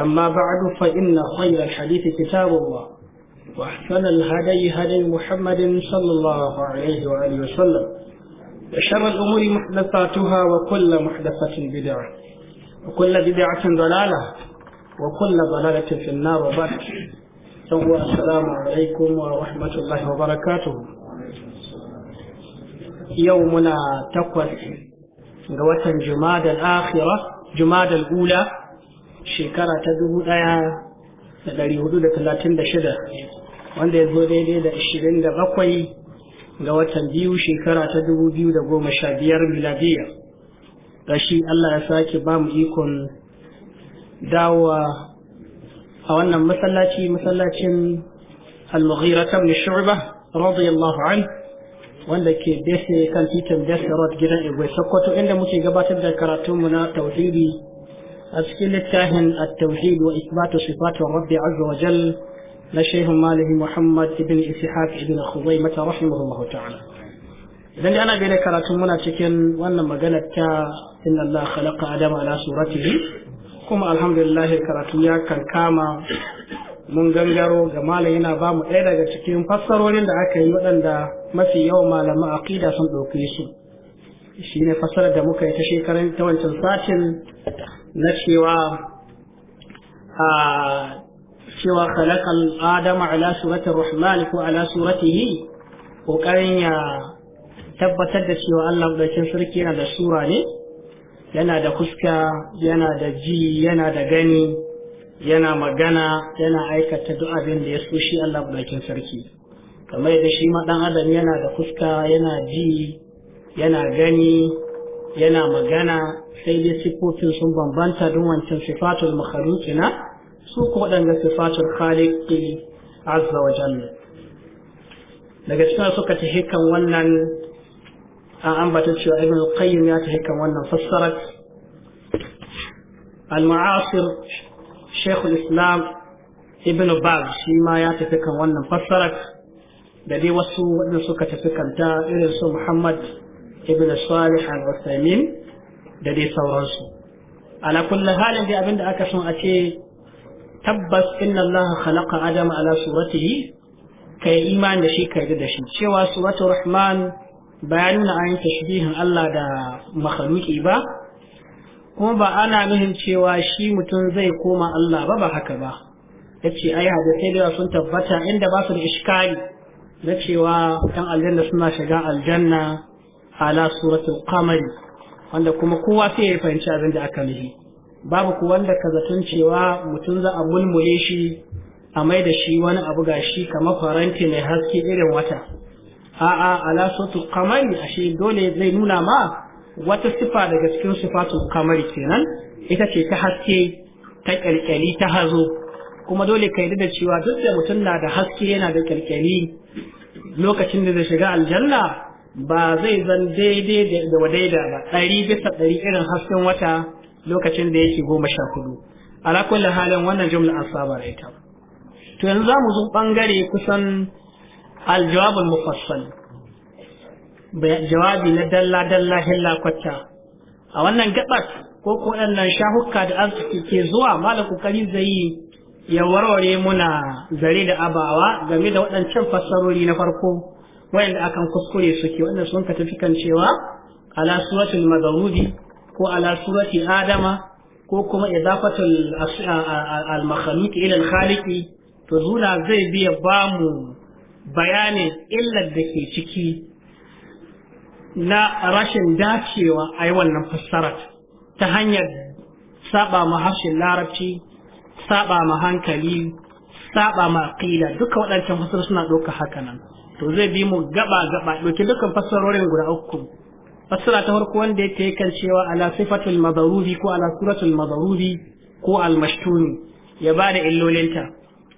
أما بعد فإن خير الحديث كتاب الله وأحسن الهدي هدي محمد صلى الله عليه وآله وسلم وشر الأمور محدثاتها وكل محدثة بدعة وكل بدعة ضلالة وكل ضلالة في النار وبعد السلام عليكم ورحمة الله وبركاته يومنا تقوى ga جماد الآخرة جماد الأولى shekara ta dubu ɗaya da ɗari hudu da talatin da shida wanda ya zo daidai da ashirin da bakwai ga watan biyu shekara ta dubu biyu da goma sha biyar miladiya rashi Allah ya sake ba mu ikon dawa a wannan masallaci masallacin al-mughira ta ibn shu'ba radiyallahu an wanda ke dese kan titin dese rod gidan igwe sokoto inda muke gabatar da karatunmu na tauhidi a أسكي للتاهن التوحيد وإثبات صفات الرب عز na لشيخ ماله Muhammad بن إسحاق بن خزيمة mata الله تعالى idan ana bai da karatu muna cikin wannan magana ta inna Allah khalaqa adama ala suratihi kuma alhamdulillah karatu ya kankama mun gangaro ga malam yana bamu ɗaya daga cikin fassarorin da aka yi waɗanda mafi yawan malaman aqida sun ɗauke su shine fassarar da muka yi ta shekaran ta wancan na cewa a cewa khalaqal adama ala suratir rahman ko ala suratihi kokarin ya tabbatar da cewa Allah madaukin sarki yana da sura ne yana da kuska, yana da ji yana da gani yana magana yana aikata duk abin da ya so shi Allah madaukin sarki kamar da shi ma dan adam yana da kuska, yana ji yana gani yana magana سيدي سيكوتي سمبان بانتا دون تن صفات المخلوقنا سوكو دنگا صفات الخالق عز وجل لغتنا سوكا تحيكا ونن أعنبا تنشو ابن القيم ياتحيكا ونن فسرت المعاصر شيخ الإسلام ابن باز شيما ياتحيكا ونن فسرت دلي وسو ابن سوكا تحيكا تا إرسو محمد ابن الصالح عن عثيمين da dai sauransu ala kulli halin dai abinda aka son a ce tabbas inna Allah khalaqa adama ala suratihi kai imani da shi kai da shi cewa suratul rahman bayanin nuna ayin tashbihin Allah da makhluki ba kuma ba ana nuhin cewa shi mutum zai koma Allah ba ba haka ba yace ai hadisai da sun tabbata inda ba su da iskali na cewa dan aljanna suna shiga aljanna ala suratul qamari wanda kuma kowa sai ya fahimci abin da aka nufi babu ku wanda ka zaton cewa mutum za a mulmule shi a mai da shi wani abu ga shi kamar faranti mai haske irin wata a'a ala sotu kamari ashe dole zai nuna ma wata sifa daga cikin sifatun kamari kenan ita ce ta haske ta kyalkyali ta hazo kuma dole ka yi da cewa duk da mutum na da haske yana da kyalkyali lokacin da zai shiga aljanna ba zai zan daidai da wadaida ba ɗari bisa ɗari irin hasken wata lokacin da yake goma sha hudu ala kulli halin wannan jumla an saba da ita to yanzu za mu zo ɓangare kusan aljawabul mufassal jawabi na dalla dalla hilla kwatta a wannan gabas ko ko waɗannan shahukka da arziki ke zuwa malam kokari zai yi ya warware muna zare da abawa game da waɗancan fassarori na farko wayanda akan kuskure suke wannan sun ka tafi kan cewa ala suratul maghrubi ko ala surati adama ko kuma idafatul al makhluq ila al khaliqi to zuna zai biya ba mu bayanin illar da ke ciki na rashin dacewa a yi wannan fassarar ta hanyar saba ma harshen larabci saba ma hankali saba ma aqida duka waɗancan fasar suna ɗauka haka nan to zai bi mu gaba gaba doki dukkan fassarorin guda uku fassara ta farko wanda yake kan cewa ala sifatul madarubi ko ala suratul madarubi ko al mashtuni ya bada illolinta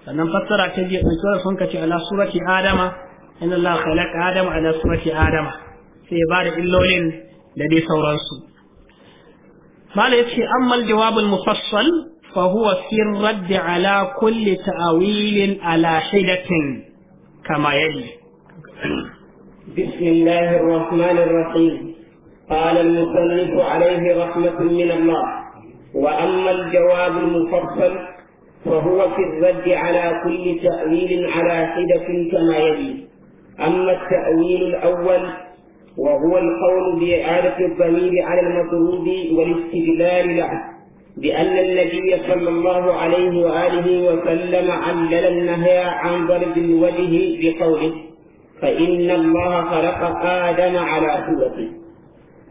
sannan fassara ta biyu an sura sun kace ala surati adama inna allaha khalaqa adama ala surati adama sai ya da illolin da dai sauransu mala yace amma al jawab al mufassal فهو في الرد على كل تأويل على حدة كما يلي بسم الله الرحمن الرحيم قال المصنف عليه رحمة من الله وأما الجواب المفصل فهو في الرد على كل تأويل على حدة كما يلي أما التأويل الأول وهو القول بإعادة الضمير على المطلوب والاستدلال له بأن النبي صلى الله عليه وآله وسلم علل النهي عن ضرب الوجه بقوله فإن الله خلق آدم على صورته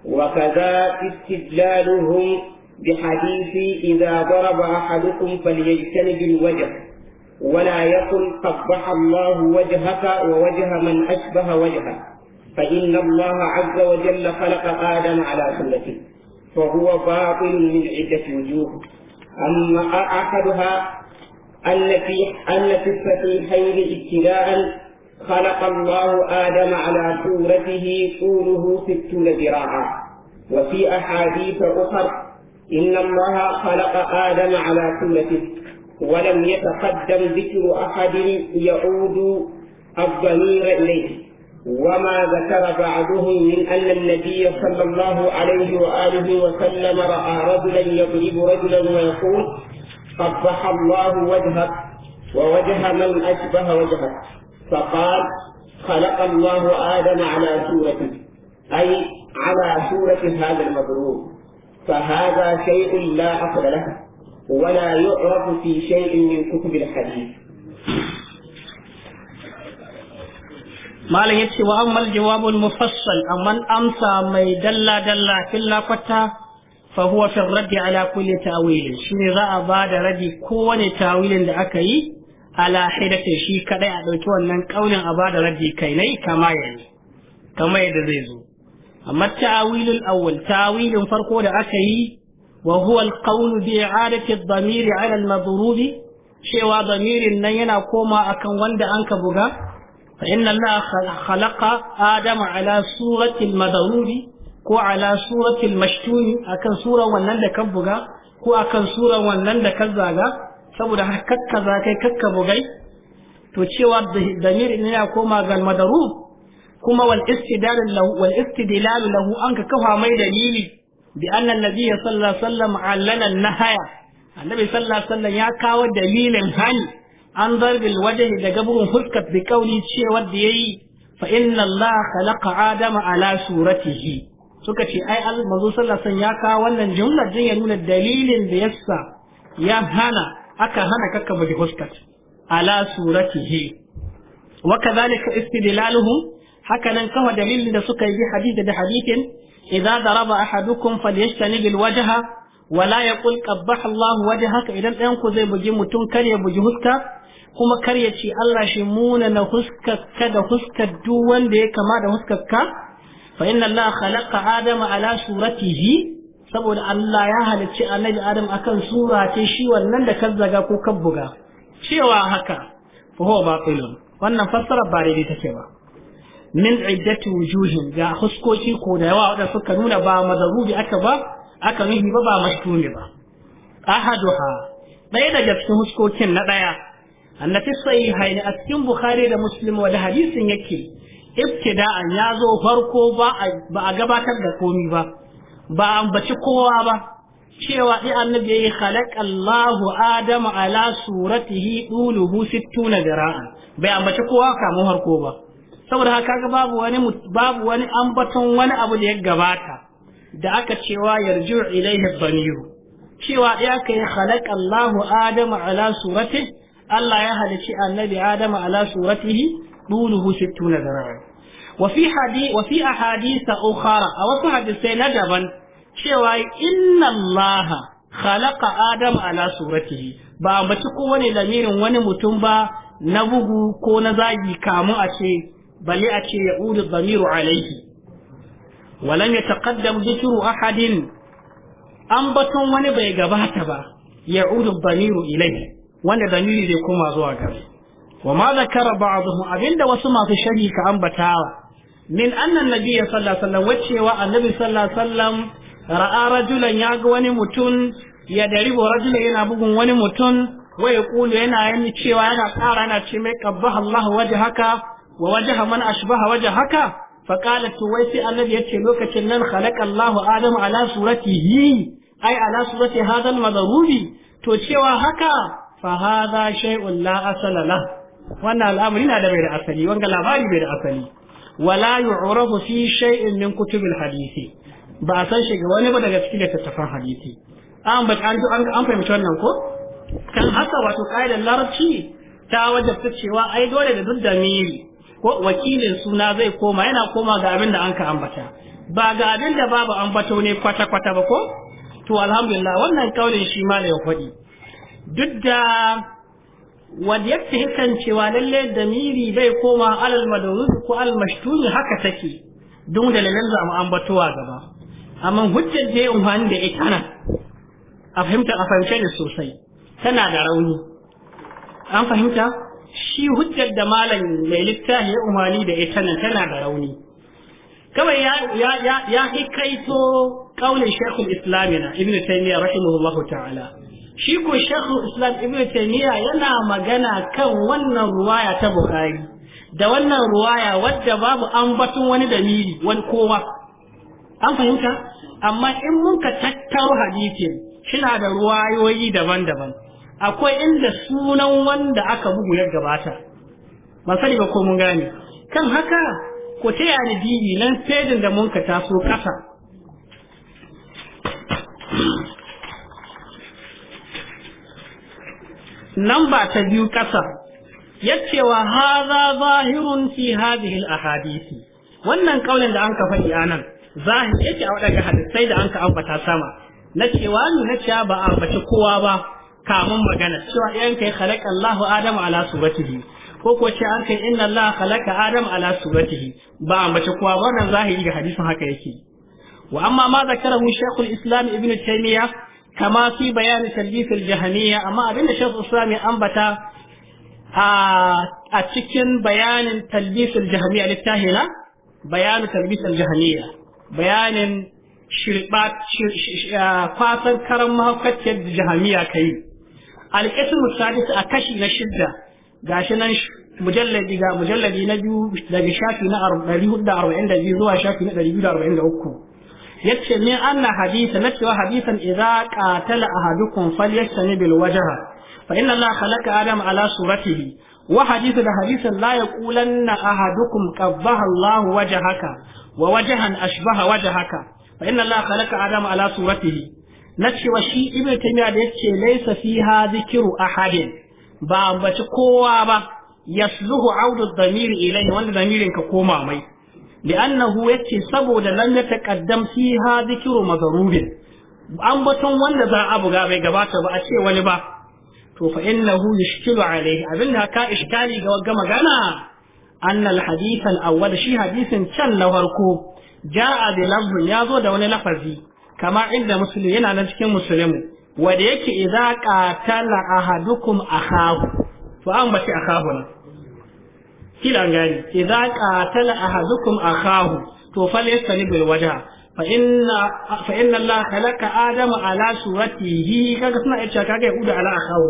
وكذا استدلالهم بحديث إذا ضرب أحدكم فليجتنب الوجه ولا يقل قبح الله وجهك ووجه من أشبه وجهه فإن الله عز وجل خلق آدم على سنته فهو باطل من عدة وجوه أما أحدها أن في أن في الصحيحين ابتداء خلق الله آدم على صورته طوله ستون ذراعا وفي أحاديث أخر إن الله خلق آدم على صورته ولم يتقدم ذكر أحد يعود الضمير إليه وما ذكر بعضهم من أن النبي صلى الله عليه وآله وسلم رأى رجلا يضرب رجلا ويقول قبح الله وجهك ووجه من أشبه وجهك فقال خلق الله آدم على صورته أي على سورة هذا المضروب فهذا شيء لا أصل له ولا يعرف في شيء من كتب الحديث ما لا يتسوى أما الجواب المفصل أما أمسى ما دلا دلا كلا فتا فهو في الرد على كل تأويل شنو رأى بعد رد كون تأويل لأكيه ala hidatin shi kadai a ɗauki wannan ƙaunin a da raddi kai nai kama yani kama yadda zai zo amma ta'awilul awwal ta'awilin farko da aka yi wa huwa alqawlu bi i'adati ad-damir 'ala al-madhrub cewa damirin nan yana koma akan wanda anka buga fa inna allaha khalaqa adama ala surati al-madhrub ko ala surati al akan suran wannan da ka buga ko akan suran wannan da ka zaga saboda haka kakka za kai kakka bugai to cewa damir ina ya koma ga madarub kuma wal istidlal lahu wal istidlal lahu an ka kafa mai dalili bi anna nabiy sallallahu alaihi wasallam allana nahaya annabi sallallahu alaihi wasallam ya kawo dalilin hali. an darbil wajhi daga bugun fuskat bi kauli cewa da yayi fa inna allaha khalaqa adama ala suratihi suka ce ai manzo sallallahu alaihi wasallam ya kawo wannan jumlar din ya nuna dalilin da yasa ya hana aka hana kakka bugi huskat ala suratihi wa kadhalika istidlaluhum haka nan kawa dalilin da suka yi hadith da hadithin idza daraba ahadukum falyajtanib alwajha wa la yaqul qabbaha Allah wajhaka idan ɗayan ku zai bugi mutum kar ya bugi huska kuma kar ya ci Allah shi muna na da huska duk wanda ya kama da huskarka fa inna Allah khalaqa adama ala suratihi saboda Allah ya halicci annabi Adam akan sura ce shi wannan da kazzaga ko kabbuga cewa haka fa huwa batilun wannan fassara ba dai take ba min iddati wujuhin ga huskoki ko da yawa wadanda suka nuna ba mazarubi aka ba aka nuhi ba ba mashtumi ba ahaduha ɗaya daga cikin huskokin na ɗaya annati sahihaini a cikin bukhari da muslim wa da hadisin yake ibtida'an ya zo farko ba a gabatar da komi ba ba ambaci kowa ba cewa ɗi annabi ya yi Allahu Adamu ala suratihi ɗuluhu sittuna zira'an bai ambaci kowa kamo harko ba saboda haka ga babu wani babu wani ambaton wani abu da ya gabata da aka cewa yarju ilaihi dhamiru cewa ɗi aka yi Allahu adama ala suratihi Allah ya halici annabi Adamu ala suratihi ɗuluhu sittuna zira'an وفي حديث وفي أحاديث أخرى أو حديثين دبن شوى إن الله خلق آدم على صورته ba mace ko wani lamirin wani mutum ba na bugu ko na zagi kamun a ce bale a ce ya uri zamiru alaihi walan ya taqaddam dhikru ahadin an baton wani bai gabata ba ya uri zamiru ilai wanda zamiri zai koma zuwa gare wa ma zakara ba'dhum abinda wasu masu sharhi ka ambatawa min annan nabiyya sallallahu alaihi wasallam wacewa annabi sallallahu alaihi wasallam ra'a rajulan ya ga wani mutum ya bo rajulan yana bugun wani mutum Wa ya kulu yana yani cewa yana tsara yana ce mai qabbaha Allah wajhaka wa wajha man ashbaha wajhaka fa qala to wai sai annabi yace lokacin nan khalaqa Allah Adam ala suratihi ai ala surati hadha al-madrubi to cewa haka fa hadha shay'un la asala wannan al'amari na da bai da asali wanga labari bai da asali wala yu'rafu fi shay'in min kutubil hadisi ba a san shi ga wani ba daga cikin littattafan hadisi an ba an an fahimci wannan ko kan haka wato kaidar larabci ta wajabta cewa ai dole da duk damiri ko wakilin suna zai koma yana koma ga abin da an ka ambata ba ga abin da babu ambato ne kwata kwata ba ko to alhamdulillah wannan kaulin shi ma da ya faɗi duk da wanda yake kan cewa lalle damiri bai koma alal madawuz ko al mashtuni haka take don dalilan za mu ambatowa gaba amma hujjar da ya umfani da ita nan a fahimta a fahimce da sosai tana da rauni an fahimta shi hujjar da malam mai littafi ya umfani da ita nan tana da rauni kawai ya ya ya ya hikaito kaulin shekul islamina ibnu taymiyyah rahimahullahu ta'ala shi ko shekhu islam ibn taymiya yana magana kan wannan ruwaya ta bukari da wannan ruwaya wadda babu batun wani dalili wani kowa an fahimta amma in mun tattaro hadisin shina da ruwayoyi daban-daban akwai inda sunan wanda aka bugu ya gabata masali ba ko mun gane kan haka ko ta yana dini nan da mun taso kasa nan ba ta biyu ƙasa ya wa hadha zahirun fi hadhihi ahadisi wannan ƙaunin da anka faɗi anan zahir yake a wadannan hadisai da anka ambata sama na cewa nuna cewa ba a ambaci kowa ba kamun magana cewa yan kai khalaqa Allahu Adam ala subatihi ko ko ce an kai inna Allah khalaqa Adam ala suratihi ba mace ba wannan zahiri ga hadisin haka yake wa amma ma zakarahu Sheikhul Islam Ibn Taymiyyah kama fi bayanin talbifil jahaniya amma abin abinda shekul islam ya ambata a cikin bayanin talbifil jahaniya littafi na bayanin talbifil jahaniya bayanin shirbat fatan karan mahaukaciyar da jahaniya ka yi alƙismu sadis a kashi na shidda ga shi nan mujalladi ga mujalladi na biyu daga shafi na 442 zuwa shafi na 243 yace min anna hadisa na cewa hadisan idza qatala ahadukum falyastani bil wajha fa inna allaha khalaqa adam ala suratihi wa hadithu da hadisan la yaqulanna ahadukum qabbaha allahu wajhaka wa wajhan ashbaha wajhaka fa inna allaha khalaqa adam ala suratihi na cewa shi ibnu taymiya da yace laysa fiha dhikru ahadin ba ambaci kowa ba yasluhu audu dhamiri ilayhi wanda dhamirin ka koma mai li'annahu yace saboda lam yataqaddam fiha dhikru mazrubin an batun wanda za a buga bai gabata ba a ce wani ba to fa innahu yushkilu alayhi abin da ka iskali ga wagga magana anna al-hadith al shi hadisin can na farko ja'a bi lafzin zo da wani lafazi kama inda muslim yana nan cikin muslimu wanda yake idza qatala ahadukum akahu to an bace akahu ne kila gani idza qatala ahadukum akahu to falyastani bil wajha fa inna fa inna Allah khalaqa adama ala suratihi kaga suna yace kaga ya uda ala akahu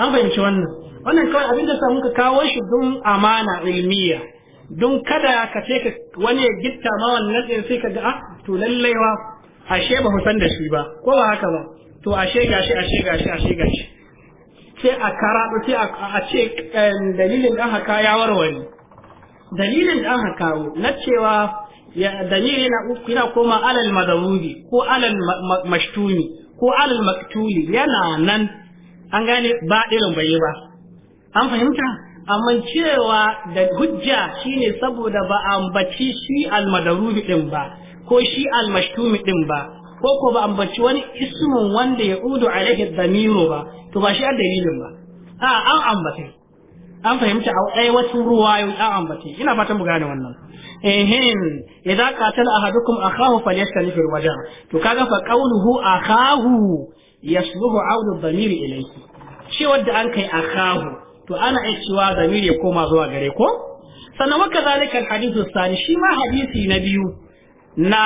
an fahimci wannan wannan kawai abinda sa muka kawo shi don amana ilmiya don kada ka ce ka wani ya gitta ma wannan din sai kaga ah to lallai wa ashe ba san da shi ba ko ba haka ba to ashe gashi ashe gashi ashe gashi sai a karaɗo sai a ce eh, dalilin da haka ya warware dalilin da aka kawo na cewa dalili na uku yana koma alal madarubi ko alal mashtuni ko alal maktuli yana nan an gane ba irin bai ba an fahimta amma cewa da hujja shine saboda ba ambaci shi al madarubi din ba ko shi al mashtumi din ba ko ko ba ambaci wani ismin wanda ya udu alaihi damiru ba to ba shi dalilin ba a an ambace an fahimta a wasu ruwa an ambace ina fatan mu gane wannan ehin idza qatal ahadukum akahu fil wajh to kaga fa qawluhu akahu yasluhu audu damiri ilayhi shi wanda an kai akahu to ana iya cewa damiri ya koma zuwa gare ko sannan wa kadhalika alhadithu thani shi ma hadisi na biyu na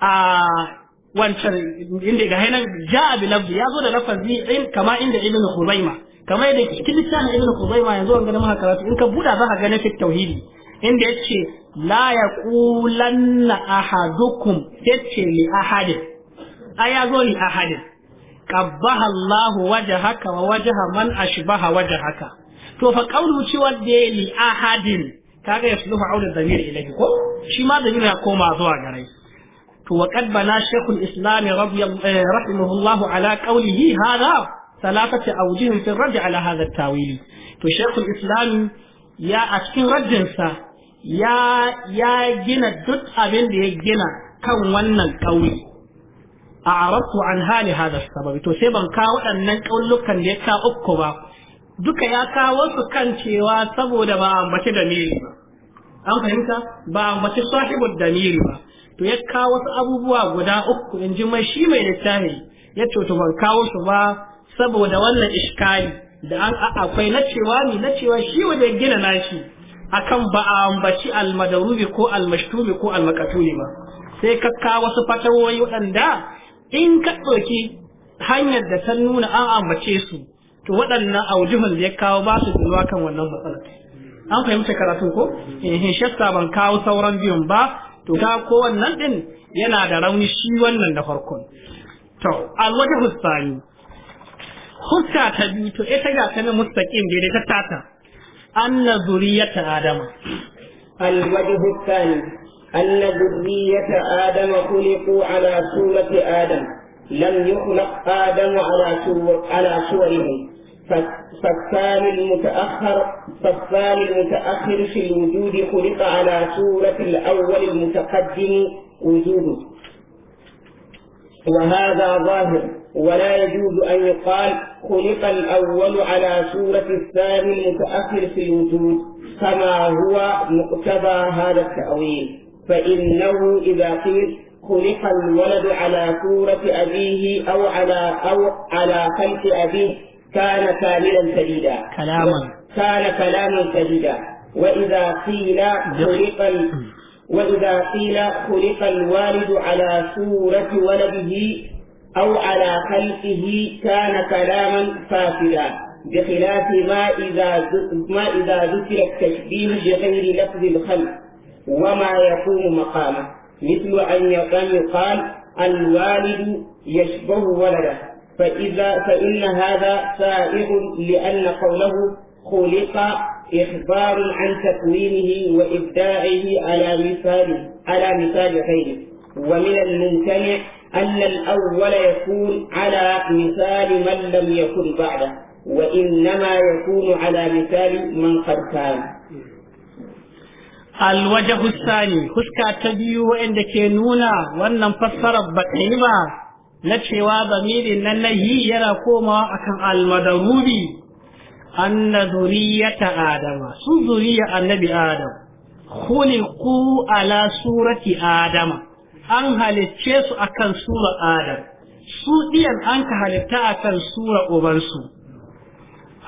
a wancan inda ga hainan ja'a bi lafzi ya zo da lafazi in kama inda ibn khuzaima kamar da cikin ibn khuzaima yanzu an gani maka karatu in ka buda za ka ga na tauhidi inda yace la yaqulanna ahadukum yace li ahadin ai ya zo li ahadin qabbaha Allahu wajhaka wa wajha man ashbaha wajhaka to fa qawlu ci wanda li ahadin kaga yasluhu aula dhamir ilayhi ko shi ma dhamir ya koma zuwa garai? to wa qad bana shaykhul islam eh, rahimahullahu ala qawlihi hadha thalathati awjuh fi ar ala hadha at to shaykhul islam ya a cikin raddinsa ya gina duk abin da ya gina kan wannan ƙauye. a arabtu an hali hada sababi to ban kawo waɗannan kaulukan da ya ka uku ba duka ya kawo su kan cewa saboda ba ambaci da ba an fahimta ba ambaci sahibul damiri ba to ya kawo wasu abubuwa guda uku in ji mai shi mai littafi ya ce to ban kawo su ba saboda wannan iskali da an akwai na cewa ni na cewa shi wajen gina nashi akan ba a ambaci almadarubi ko almashtumi ko almakatuni ba sai ka kawo wasu fatawoyi waɗanda in ka ɗauki hanyar da ta nuna an ambace su to waɗannan aujuhun da ya kawo ba su kan wannan matsalar an fahimta karatun ko in eh, eh, shasta ban kawo sauran biyun ba to ka ko wannan din yana da rauni shi wannan da farkon to alwajhu husani hukka ta biyu to ita ga kana mustaqim da ta tata anna zuriyata adama alwajhu husani anna zuriyata adama khuliqu ala surati adam lam yukhlaq adam ala suwar ala suwarihi صفان المتأخر صفان المتأخر في الوجود خلق على صورة الأول المتقدم وجوده وهذا ظاهر ولا يجوز أن يقال خلق الأول على صورة الثاني المتأخر في الوجود كما هو مقتضى هذا التأويل فإنه إذا قيل خلق الولد على صورة أبيه أو على أو على خلق أبيه كان كاملا سديدا كلاما كان كلاما سديدا وإذا قيل خلق وإذا قيل خلق الوالد على صورة ولده أو على خلقه كان كلاما فاسدا بخلاف ما إذا ما إذا ذكر التشبيه بغير لفظ الخلق وما يقوم مقامه مثل أن يقال الوالد يشبه ولده فإذا فإن هذا سائغ لأن قوله خلق إخبار عن تكوينه وإبداعه على مثال على مثال غيره ومن الممتنع أن الأول يكون على مثال من لم يكن بعده وإنما يكون على مثال من قد كان الوجه الثاني خشكا تبيو وإن كينونا وأن فسر بكيبا na cewa zamirin na nahi yana komawa akan almadarubi anna zuriyata adama su zuriya annabi adam khuliqu ala surati adama an halicce su akan sura adam su diyan an ka halitta akan sura ubansu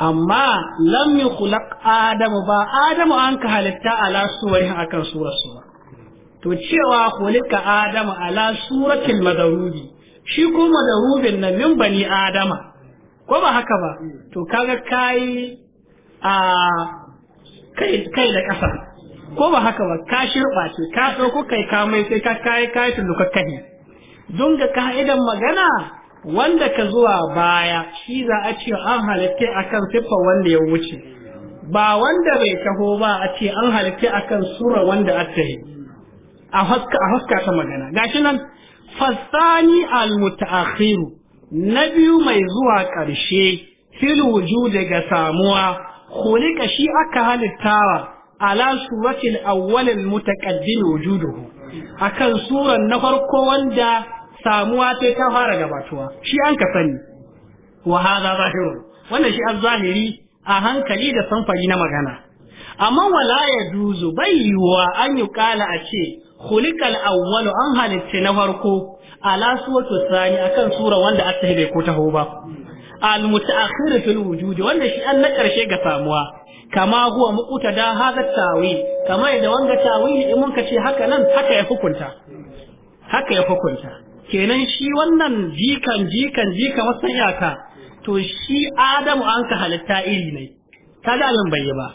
amma lam yukhlaq adamu ba adamu an ka halitta ala suwari akan sura su to cewa khuliqa adamu ala suratil madarubi shi da mazarubin na min bani adama ko ba haka ba to kaga kai a kai kai da kasa ko ba haka ba ka shirba ce ka ku kai ka mai sai ka kai kai kai don ga ka'idan magana wanda ka zuwa baya shi za a ce an halitta akan siffa wanda ya wuce ba wanda bai taho ba a ce an halitta akan sura wanda aka yi a haska ta magana gashi nan fasani almutaakhiru na biyu mai zuwa ƙarshe fil wujud daga samuwa khuliqa shi aka halittawa ala suratil awwal almutaqaddim wujuduhu akan suran na farko wanda samuwa ta ta fara gabatuwa shi an ka sani wa hadha zahirun wannan shi az-zahiri a hankali da samfani na magana amma wala ya duzu bai yiwuwa an yi kala a ce khuliqal awwalu an halitta na farko A suwatu sani akan sura wanda aka hibe ko taho ba al mutaakhir fil wujudi wanda shi an na karshe ga samuwa kama huwa mukuta da haza tawi kama idan wanga tawi in mun ce haka haka ya hukunta haka ya hukunta kenan shi wannan jikan jikan jikan wasan yaka to shi adamu an ka halitta iri ne kaga abin bai ba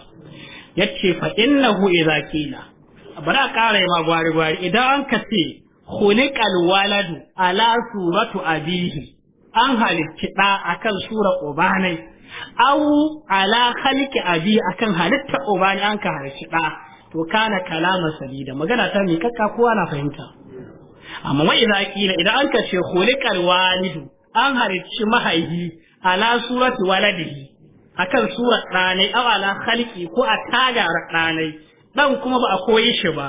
yace fa innahu idza qila bari a ƙara yi ma gwari gwari idan an ka ce khuliqal waladu ala suratu abihi an halitta da akan sura ubanai au ala khalqi abi akan halitta ubani an ka halitta da to kana kalama sabida magana ta mi kakka kowa na fahimta amma wai idan kila idan an ka ce khuliqal walidu an halitta mahaihi ala suratu waladihi akan sura ɗanai au ala khalqi ko a tagar ɗanai dan kuma ba a koyi shi ba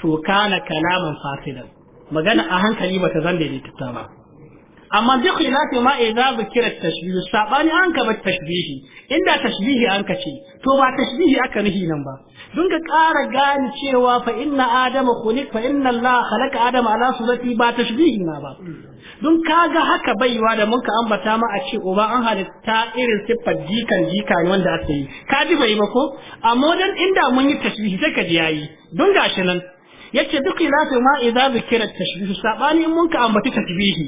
to kana kalaman fasidan magana a hankali bata zan daidaita ba amma bi khilafi ma idza zikira tashbih sabani an ka ba tashbihi inda tashbihi an ka ce to ba tashbihi aka nuhi nan ba dun ka ƙara gane cewa fa inna adama khuliq fa inna allah khalaqa adama ala surati ba tashbihi na ba don kaga haka baiwa da mun ka ambata ma a ce uba an halitta irin siffar jikan jika ne wanda aka yi ka ji bai ba ko amma wajen inda mun yi tashbihi sai ka ji yayi don gashi nan yace duk ilafi ma idza zikira tashbihi sabani mun ka ambata tashbihi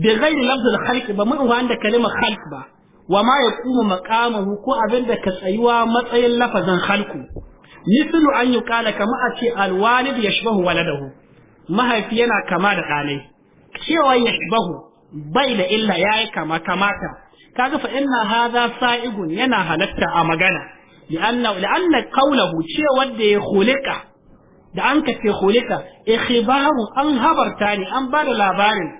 bi ghairi lafzul khalq ba mun wanda kalima khalq ba wa ma yaqumu maqamahu ko abin da ka tsayuwa matsayin lafazin khalqu mislu an yuqala kama a ce alwalid yashbahu waladahu mahaifi yana kama da ɗalai cewa Bahu bai da illa yayi kama kamata kaga fa inna hadha sa'igun yana halatta a magana li'anna li'anna qawluhu cewa da ya khuliqa da an ka ce khuliqa ikhbaru an habarta ni an ba da labarin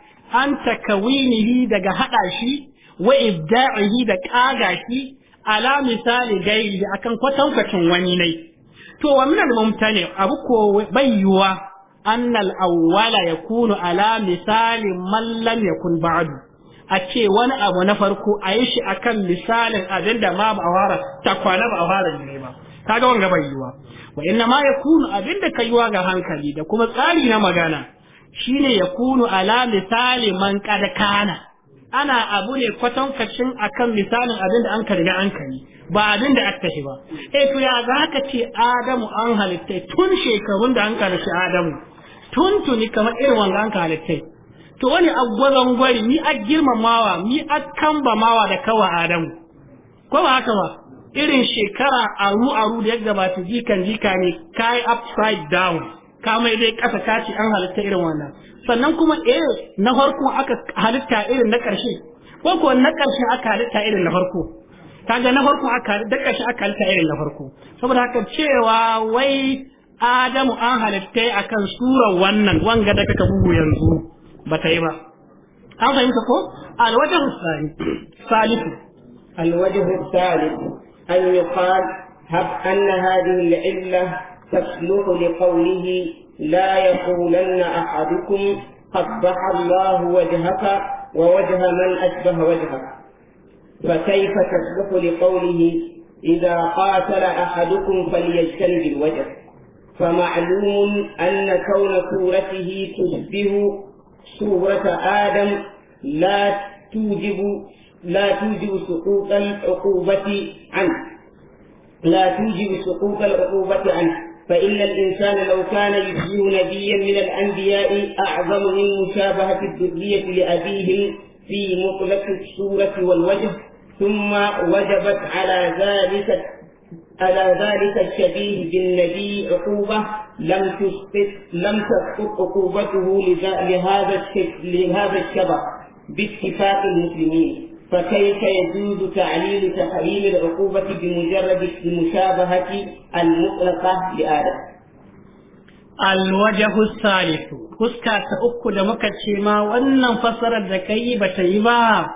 an takawinihi daga hada shi wa ibda'ihi da kaga shi ala misali gairi akan kwatankwacin wani ne to wa min al-mumtani abu ko bayyuwa annal Auwala yakunu ala misalin man lam yakun ba'du wani abu na farko a yi shi akan misalin abin da ma ba a fara takwana ba a fara jire ba kaga wanga bai yiwa wa inna ma yakunu abin da kaiwa ga hankali da kuma tsari na magana shine yakunu ala misali man qad ana abu ne kwatankacin akan misalin abin da an ka riga ba abin da aka ba eh to ya ka ce adamu an halitta tun shekarun da an karshi adamu tuntuni kamar irin wangan ka halittai to wani agwazon gwari ni a girmamawa ni a kamba mawa da kawa adamu ko ba haka ba irin shekara aru aru da ya gabata jikan jika ne kai upside down ka mai dai kasa kaci an halitta irin wannan sannan kuma eh na farko aka halitta irin na karshe ko ko na karshe aka halitta irin na farko kaga na farko aka da karshe aka halitta irin na farko saboda haka cewa wai adamu an halittai akan surar wannan wanga da kaka bugu yanzu ba ta yi ba an fahimta ko alwajhu salisu alwajhu salisu an hab la yaqulanna ahadukum qabbaha Allah wajhaka wa wajha man ashbaha wajhaka فمعلوم أن كون سورته تشبه سورة آدم لا توجب لا توجب سقوط العقوبة عنه لا توجب سقوط العقوبة عنه فإن الإنسان لو كان يشبه نبيا من الأنبياء أعظم من مشابهة الذرية لأبيهم في مطلق الصورة والوجه ثم وجبت على ذلك على ذلك الشبيه بالنبي عقوبة لم تسقط لم تسقط عقوبته لهذا لهذا الشبه باتفاق المسلمين فكيف يجوز تعليل تحريم العقوبة بمجرد المشابهة المطلقة لآدم الوجه الثالث كسكا تأكد مكتشيما وأن فصر الزكي بشيبا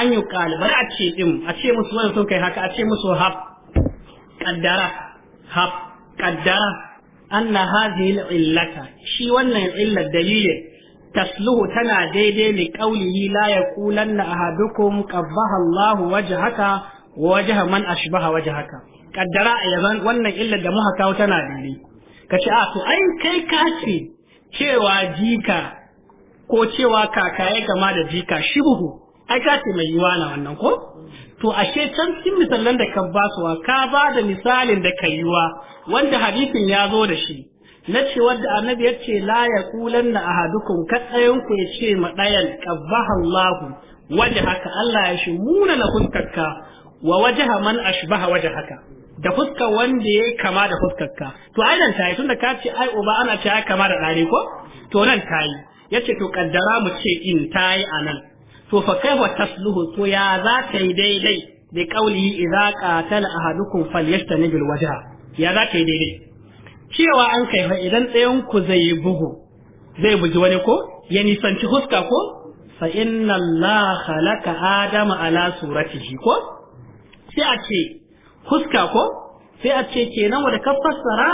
أن يقال بل أتشي إم مسوى سوكي هكا أتشي مسوى هكا qaddara hab qaddara anna hadhihi illata shi wannan illar dalilin tasluhu tana daidai li qawlihi la yaqulanna ahadukum qabbaha Allah wajhaka wajha man ashbaha wajhaka qaddara yaban wannan illar da muka kawo tana dalile kace a to ai kai ka ce cewa jika ko cewa kaka ya kama da jika shibuhu ai ka ce mai yiwa na wannan ko to ashe can cikin misalan da ka basuwa ka ba da misalin da ka yiwa wanda hadisin ya zo da shi na ce wanda annabi ya ce la ya kulan na ahadukum ka tsayon ku ya ce ma ɗayan ƙabbahan Allah waje haka Allah ya shi muna na fuskarka wa wajaha man ashbaha waje haka da fuskar wanda ya kama da fuskarka to ai nan tun da ka ce ai uba ana ce kama da ɗari ko to nan Ya yace to kaddara mu ce in tayi anan to fa kaifa tasluhu to ya za ta yi daidai da kauli idza qatala ahadukum falyastani wajha ya za ta yi daidai cewa an kai fa idan tsayon ku zai bugu zai buji wani ko ya nisanci huska ko fa inna allaha khalaqa adama ala suratihi ko sai a ce huska ko sai a ce kenan wanda ka fassara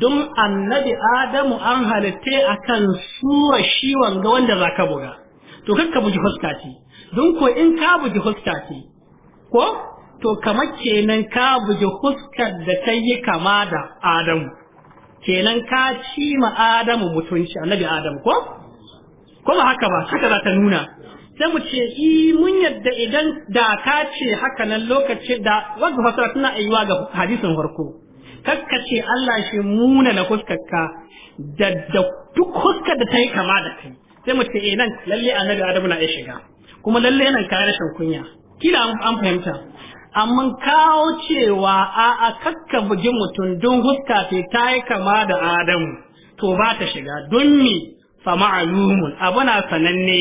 don annabi adamu an halitta akan sura shi wanga wanda zaka buga to kakka buji fuska ce don ko in ka buji fuska ce ko to kamar kenan ka buji fuskar da ta yi kama da adamu kenan ka ci ma adamu mutunci annabi adamu ko kuma haka ba haka za ta nuna sai mu ce i mun yadda idan da ka ce haka nan lokacin da wanda fasara suna ayyuwa ga hadisin farko kakka ce Allah shi muna na fuskarka da duk fuskar da ta yi kama da kai sai mu ce eh nan lalle annabi adamu na ya shiga kuma lalle yana kare rashin kunya kila an fahimta amma kawo cewa a a kakka bugin mutum don huska ce ta yi kama da adamu to ba ta shiga don mi fa ma'alumun abu na sananne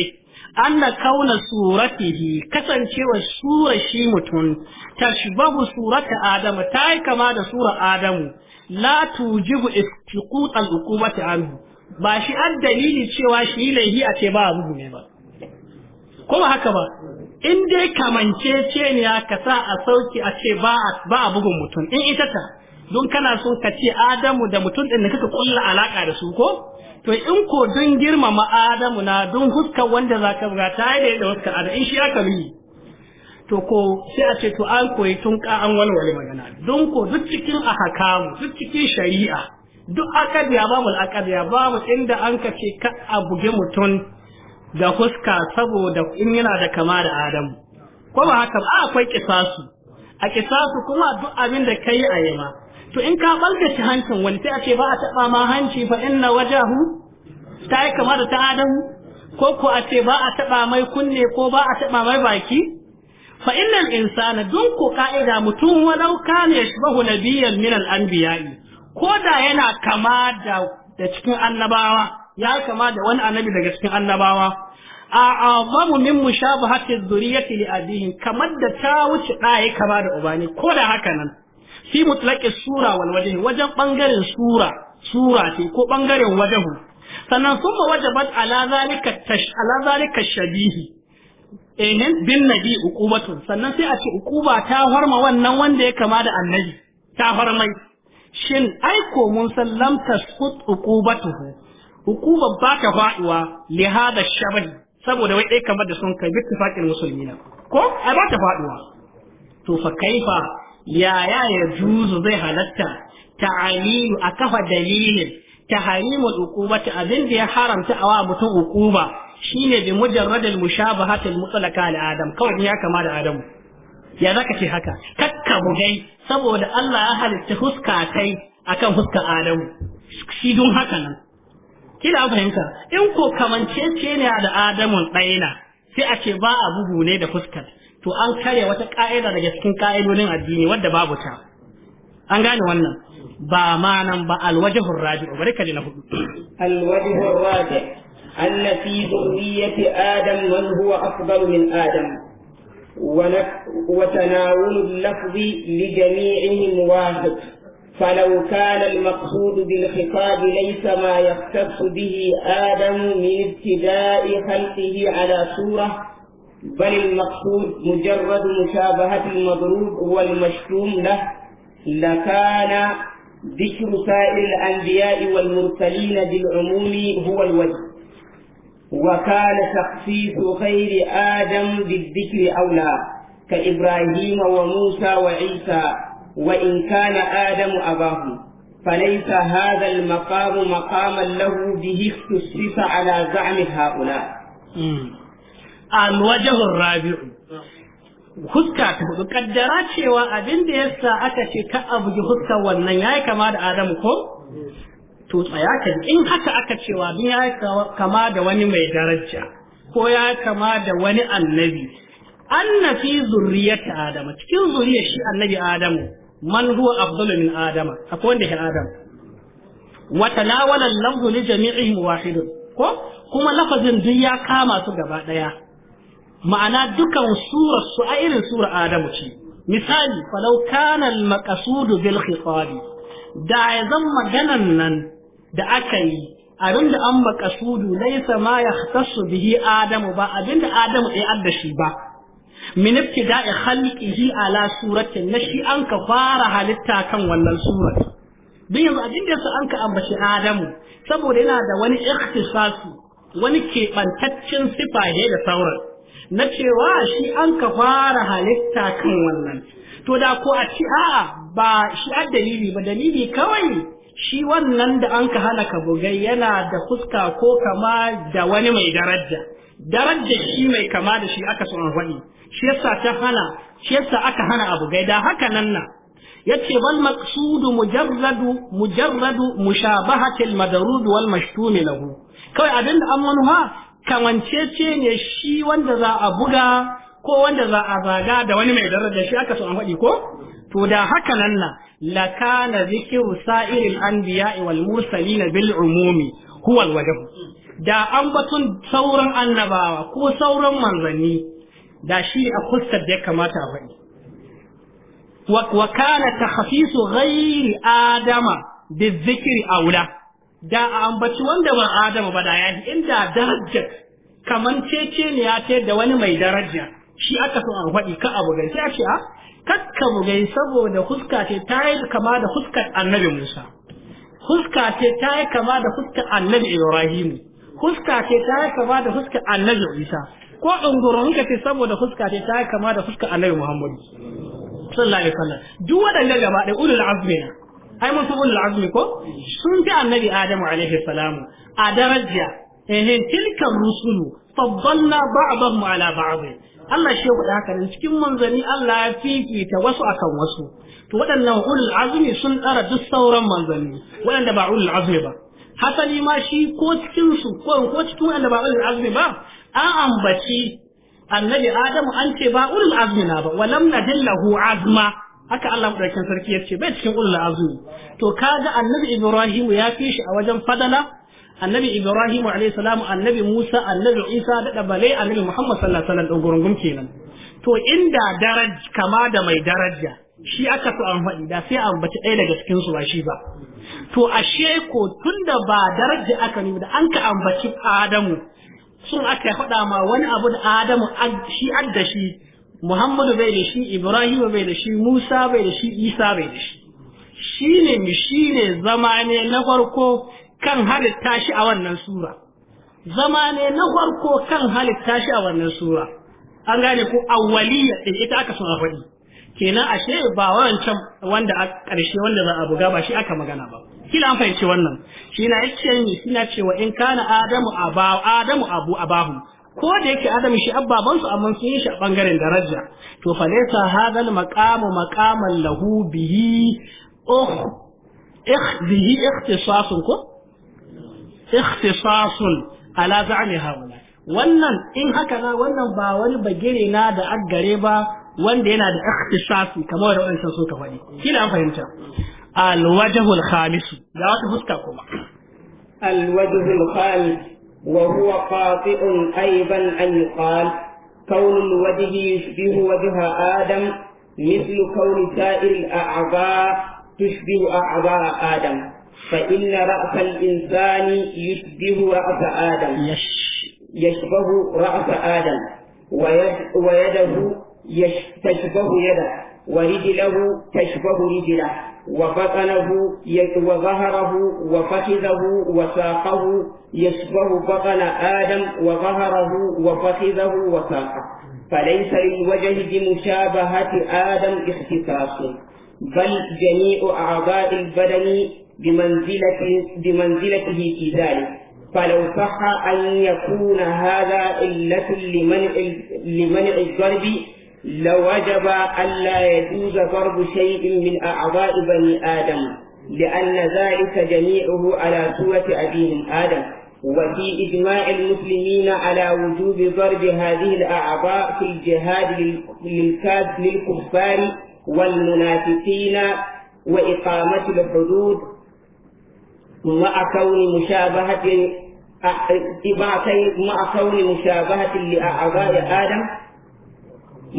anna kauna suratihi kasancewa sura shi mutum tashbahu surata adamu ta yi kama da sura adamu la tujibu istiqut al-uqubati anhu ba shi an dalili cewa shi laihi a ce ba a ne ba ko haka ba in dai kamance ce ne ka sa a sauki a ce ba a bugun mutum in ita ta don kana so ka ce adamu da mutum ɗin da kaka kulla alaka da su ko to in ko don girmama adamu na don huskar wanda za ka buga ta yi da huskar adamu in shi aka yi to ko sai a ce to an koyi tun ka an walwale magana don ko duk cikin ahakamu duk cikin shari'a duk akadiya babu akadiya babu inda an ka ce ka a buge mutum da fuska saboda in yana da kama da adamu ko ba haka ba akwai kisasu a kisasu kuma duk abin da kai a yi ma to in ka shi hancin wani sai a ce ba a taba ma hanci fa inna wajahu ta yi kama da ta adamu ko ko a ce ba a taba mai kunne ko ba a taba mai baki fa innal insana dun ko ka'ida mutum walau kana yashbahu nabiyyan min al-anbiya'i ko da yana kama da da cikin annabawa ya kama da wani annabi daga cikin annabawa a azamu min mushabahati dhurriyyati li abihim kamar da ta wuce ɗaya kama da ubani ko da haka nan fi mutlaqi sura wal wajhi wajen bangaren sura sura ce ko bangaren wajahu sannan summa wajabat ala zalika tash ala zalika shabihi ehin bin nabi uqubatun sannan sai a ce uquba ta harma wannan wanda ya kama da annabi ta harmai shin aiko mun san lam tasqut uqubatuhu uquba ba ta faduwa li hada shabahi saboda wai dai kamar da sun kai bittifaqin musulmina ko ai ba ta faduwa to fa kaifa ya ya ya juzu zai halatta ta'alilu a kafa dalilin tahrimul uqubati abin da ya haramta awa mutum uquba shine bi mujarradil mushabahati al mutlaqa al adam kawai ya kama da adamu ya zaka ce haka kakka dai saboda Allah ya halitta huska kai akan huska Adamu shi don haka nan kila fahimta in ko kamancece ne da Adamu ɗaya na sai a ce ba a bugu ne da fuskar to an karya wata ka'ida daga cikin ka'idodin addini wadda babu ta an gane wannan ba ma nan ba alwajhur raji bari ka na hudu alwajhur raji allati fi adam man huwa afdalu min adam وتناول اللفظ لجميعهم واحد فلو كان المقصود بالخطاب ليس ما يختص به آدم من ابتداء خلقه على صورة بل المقصود مجرد مشابهة المضروب والمشتوم له لكان ذكر سائر الأنبياء والمرسلين بالعموم هو الوجه وكان تخصيص غير آدم بالذكر أولى كإبراهيم وموسى وعيسى وإن كان آدم أباه فليس هذا المقام مقاما له به اختصص على زعم هؤلاء الوجه الرابع huska ta hudu kaddara cewa abin da yasa aka ce ka abuji huskar wannan yayi kama da Adamu ko to tsaya kan in haka aka cewa ni ya kama da wani mai daraja ko ya kama da wani annabi annafi fi adama cikin zuriyar shi annabi adamu man huwa afdalu min adama akwai wanda ke adam wa tanawala lafzu li jami'ihim wahidun ko kuma lafazin duk ya kama su gaba daya ma'ana dukan surar su a irin surar adamu ce misali falau kana al-maqsudu bil khitabi da ya zan maganan nan da aka yi abinda an makasudu laisa ma yahtassu bihi adamu ba abinda adamu ɗaya adda shi ba min ibtida'i khalqihi ala suratin na shi an ka fara halitta kan wannan surat din yanzu abin da an ka ambaci adamu saboda yana da wani ikhtisasi wani keɓantaccen sifa ne da sauran na cewa shi an ka fara halitta kan wannan to da ko a ci a'a ba shi a dalili ba dalili kawai shi wannan da an ka hana ka bugai yana da fuska ko kama da wani mai daraja daraja shi mai kama da shi aka son wani shi yasa ta hana shi yasa aka hana a gai da haka nan na yace bal maqsudu mujarradu mujarradu mushabahati al madrud wal mashtum lahu kai abinda an ha, kamancece ne shi wanda za a buga ko wanda za a zaga da wani mai daraja shi aka son wani ko to da haka nan na lakana zikiru sa'iril iwal mursali na bil umumi huwa al da batun sauran annabawa ko sauran manzanni da shi a fuskar da ya kamata a faɗi wa kana ghairi adama bizikri aula da a ambaci wanda ba adama ba da yafi inda darajar kaman cece ne ya ce da wani mai daraja shi aka so an faɗi ka abu gaci a a ah, kakka bugai saboda huska ce ta yi kama da huskar annabi Musa huska ce ta yi kama da huskar annabi Ibrahim huska ce ta yi kama da huskar annabi Isa ko ungurin ka ce saboda huska ce ta yi kama da huskar annabi Muhammadu sallallahu alaihi wasallam duk waɗanda gaba da ulul azmi ne ai mun san ulul azmi ko sun fi annabi Adamu alaihi salamu a daraja eh tilka rusulu faddalna ba'dahum ala ba'd Allah shi ya faɗa haka nan cikin manzanni Allah ya fifita wasu akan wasu to waɗannan ulul azumi sun ɗara duk sauran manzanni waɗanda ba ulul azumi ba hasali ma shi ko cikin su ko ko cikin waɗanda ba ulul azumi ba an ambaci annabi Adamu an ce ba ulul azumi na ba walam nadillahu azma haka Allah madaukakin sarki ya ce bai cikin ulul azumi to kaga annabi Ibrahim ya fi shi a wajen fadala annabi ibrahim alayhi salam annabi musa annabi isa da dabale annabi muhammad sallallahu alaihi wasallam gurungum kenan to inda daraj kama da mai daraja shi aka so an faɗi da sai an baci ɗaya daga cikin su ba shi ba to ashe ko tunda ba daraja aka nuna da an ka ambaci adamu sun aka faɗa ma wani abu da adamu shi adda shi muhammadu bai da shi ibrahim bai da shi musa bai da shi isa bai da shi shine mi shine zama ne na farko kan halitta shi a wannan sura zama ne na farko kan halitta shi a wannan sura an gane ko awwaliya din ita aka so a kenan ashe ba wancan wanda a ƙarshe wanda za a buga ba shi aka magana ba kila an fahimci wannan shi na yace ni suna cewa in kana adamu aba adamu abu abahu ko da yake adamu shi abbaban su amma sun yi shi a bangaren daraja to fa laysa hadal maqamu maqaman lahu bihi ukh ikh ikhtisasun ko ikhtisasun ala za'mi haula wannan in haka na wannan ba wani bagire na da aggare ba wanda yana da ikhtisasi kamar da wannan so ka faɗi kina an fahimta al wajhul khamis ga wata fuska kuma al wajhul khamis wa huwa qati'un aiban an yuqal kawn al wajhi yushbihu wajha adam مثل كون سائر الأعضاء تشبه أعضاء Adam. فإن رأس الإنسان يشبه رأس آدم يشبه رأس آدم ويد ويده تشبه يده ورجله تشبه رجله وبطنه وظهره وفخذه وساقه يشبه بطن آدم وظهره وفخذه وساقه فليس للوجه بمشابهة آدم اختصاص بل جميع أعضاء البدن بمنزلته, في ذلك فلو صح أن يكون هذا علة لمنع لمنع الضرب لوجب ألا يجوز ضرب شيء من أعضاء بني آدم لأن ذلك جميعه على سورة أبيهم آدم وفي إجماع المسلمين على وجوب ضرب هذه الأعضاء في الجهاد للكفار والمنافقين وإقامة الحدود مع كون مشابهة إباعتين مع كون مشابهة لأعضاء آدم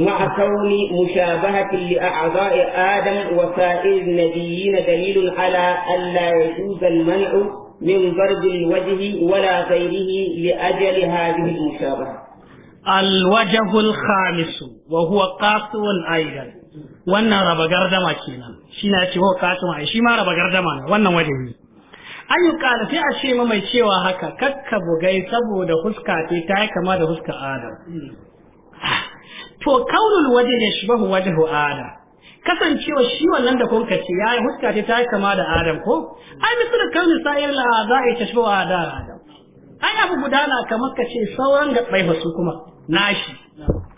مع كون مشابهة لأعضاء آدم وسائر النبيين دليل على ألا يجوز المنع من ضرب الوجه ولا غيره لأجل هذه المشابهة الوجه الخامس وهو قاسو أيضا وأنا raba gardama kenan shi na ce wa kasu ma وأنا وجهي ƙara sai a ce ma mai cewa haka kakka bugai saboda huska ce ta yi kama da huska adam to kaunul waje ne shi bahu waje adam kasancewa shi wannan da kun ya yi huska ce ta yi kama da adam ko ai da kaunul sa'ir la ya ta shi bahu adam ai abu gudana kamar kace sauran gabbai ba kuma nashi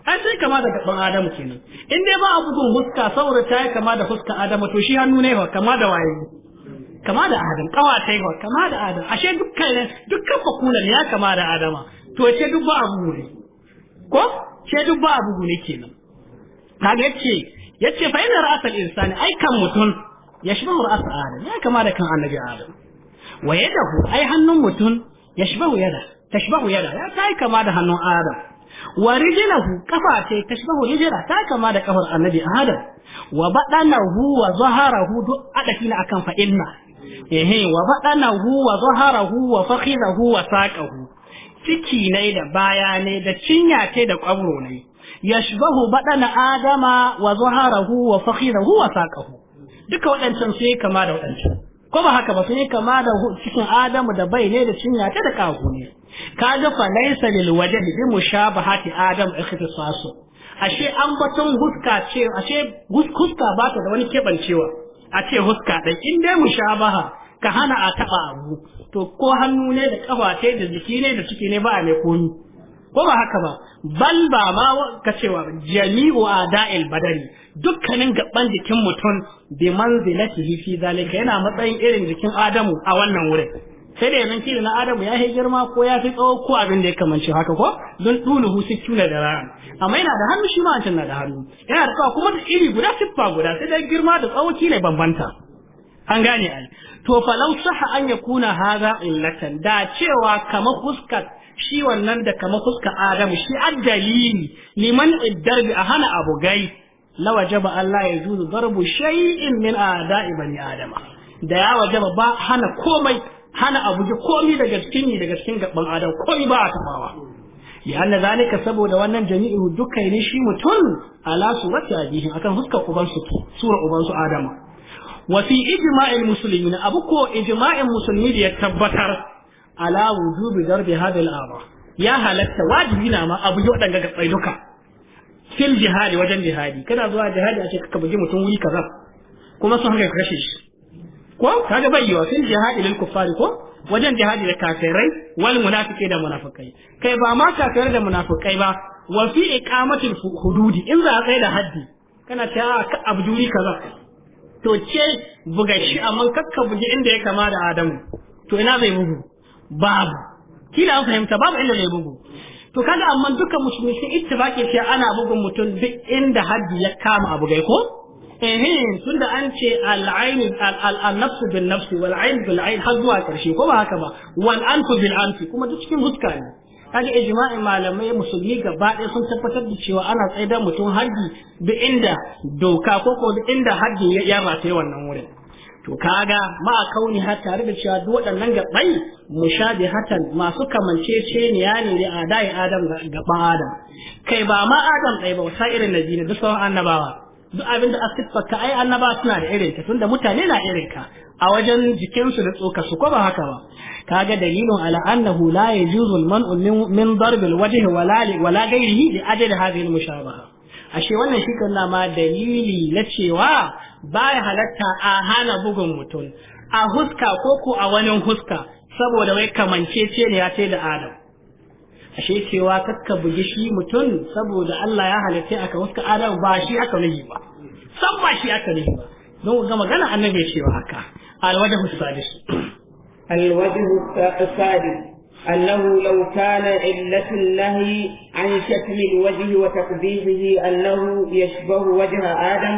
ai sai kama da gaban adamu kenan in dai ba abubuwan huska saboda ta yi kama da huska adamu to shi hannu ne ba kama da waye kama da adam kawa tai wa kama da adam ashe dukkan dukkan makulan ya kama da adama to ce duk ba abu ne ko ce duk ba abu ne kenan kaga yace yace fa inna ra'sal insani ai kan mutum yashbahu ra'sa adam ya kama da kan annabi adam wa yadahu ai hannun mutum yashbahu yada tashbahu yada ya tai kama da hannun adam wa rijlahu kafa ta tashbahu rijla ta kama da kafar annabi adam wa badanahu wa zaharahu duk adaki akan fa ehe wa badanahu wa zaharahu wa fakhidahu wa saqahu ciki ne da baya ne da cinya ce da kwabro ne yashbahu badana adama wa zaharahu wa fakhidahu wa saqahu duka wadancan sai kama da wadancan ko ba haka ba sai kama da cikin adamu da bai ne da cinya ce da kahu ne ga fa laysa lil wajhi bi mushabahati adam ikhtisasu ashe an batun huska ce ashe huska ba ta da wani kebancewa a ce huska ɗai in dai mu sha baha ka hana a taɓa abu to ko hannu ne da ƙafa ce da jiki ne da ciki ne ba a mai komi ko ba haka ba bal ba ma ka cewa jami'u dail badari dukkanin gaban jikin mutum bi manzilatihi fi zalika yana matsayin irin jikin adamu a wannan wurin sai da yanzu kila na adamu ya yi girma ko ya fi tsawo ko abin da ya kamance haka ko don duluhu sittuna da ra'an amma yana da hannu shi ma can na da hannu yana da kuma da iri guda siffa guda sai da girma da tsawo kila bambanta an gane ai to falau saha an yakuna hadha illatan da cewa kama fuskar shi wannan da kamar fuska adamu shi addalili liman iddarbi a hana abu gai ba Allah ya zuzu darbu shay'in min a'da'i bani adama da ya wajaba ba hana komai hana abu ji komi daga ni daga cikin gaban adam komi ba a tabawa ya hana zalika saboda wannan jami'u duka ne shi mutum ala surati abihim akan huskar uban su sura uban su adama wa fi ijma'il na abu ko ijma'in musulmi da ya tabbatar ala wujubi darbi hadhihi al ya halatta wajibi na ma abu yau daga gabai duka fil jihadi wajen jihadi kana zuwa jihadi a ce ka bugi mutum wuri kaza kuma sun haka kashe shi ko kaga bai yiwa fil jihadi lil kuffari ko wajen jihadi da kafirai wal munafiqai da munafikai kai ba ma kafirai da munafikai ba wa fi iqamati hududi in za a tsaya da haddi kana ta a abduri kaza to ce buga shi amma kakka bugi inda ya kama da adamu to ina zai bugu babu kila an fahimta babu inda zai bugu to kaga amma dukkan musulmi sun ittifaqi sai ana bugun mutum duk inda haddi ya kama abu gai ko tun da an ce al'ainu al'annafsu bin nafsi wal'ainu ain har zuwa karshe ko ba haka ba wal anfu bil anfi kuma duk cikin huska ne kaga ijma'in malamai musulmi gaba ɗaya sun tabbatar da cewa ana tsaidar mutum haddi duk inda doka ko ko duk inda haddi ya yi wannan wurin to kaga ma kauni har tare da cewa duk waɗannan gaɓai gabai hatan. masu kamanceceniya ne da adai adam gaban adam kai ba ma adam ɗaya ba wasa irin najina duk sauran annabawa duk abin da asiffarka ai annaba suna da irinka da mutane na irinka a wajen jikinsu da tsokarsu ko ba haka ba kaga ga ala annahu la yajuzu al-man'u min darbil wajhi wala wala wala gairihi li ajal hadhihi al-mushabaha ashe wannan shi kan ma dalili na cewa ba ya halatta a hana bugun mutum a huska ko ko a wani huska saboda wai ce ne ya ce da adam ashe cewa kakka bugi shi mutum saboda Allah ya halitta aka wasu adam ba shi aka ne ba san ba shi aka ne ba don ga magana annabi ya cewa haka alwajhu sadis alwajhu sadis أنه لو كان علة النهي عن شكل الوجه وتقبيحه أنه يشبه وجه آدم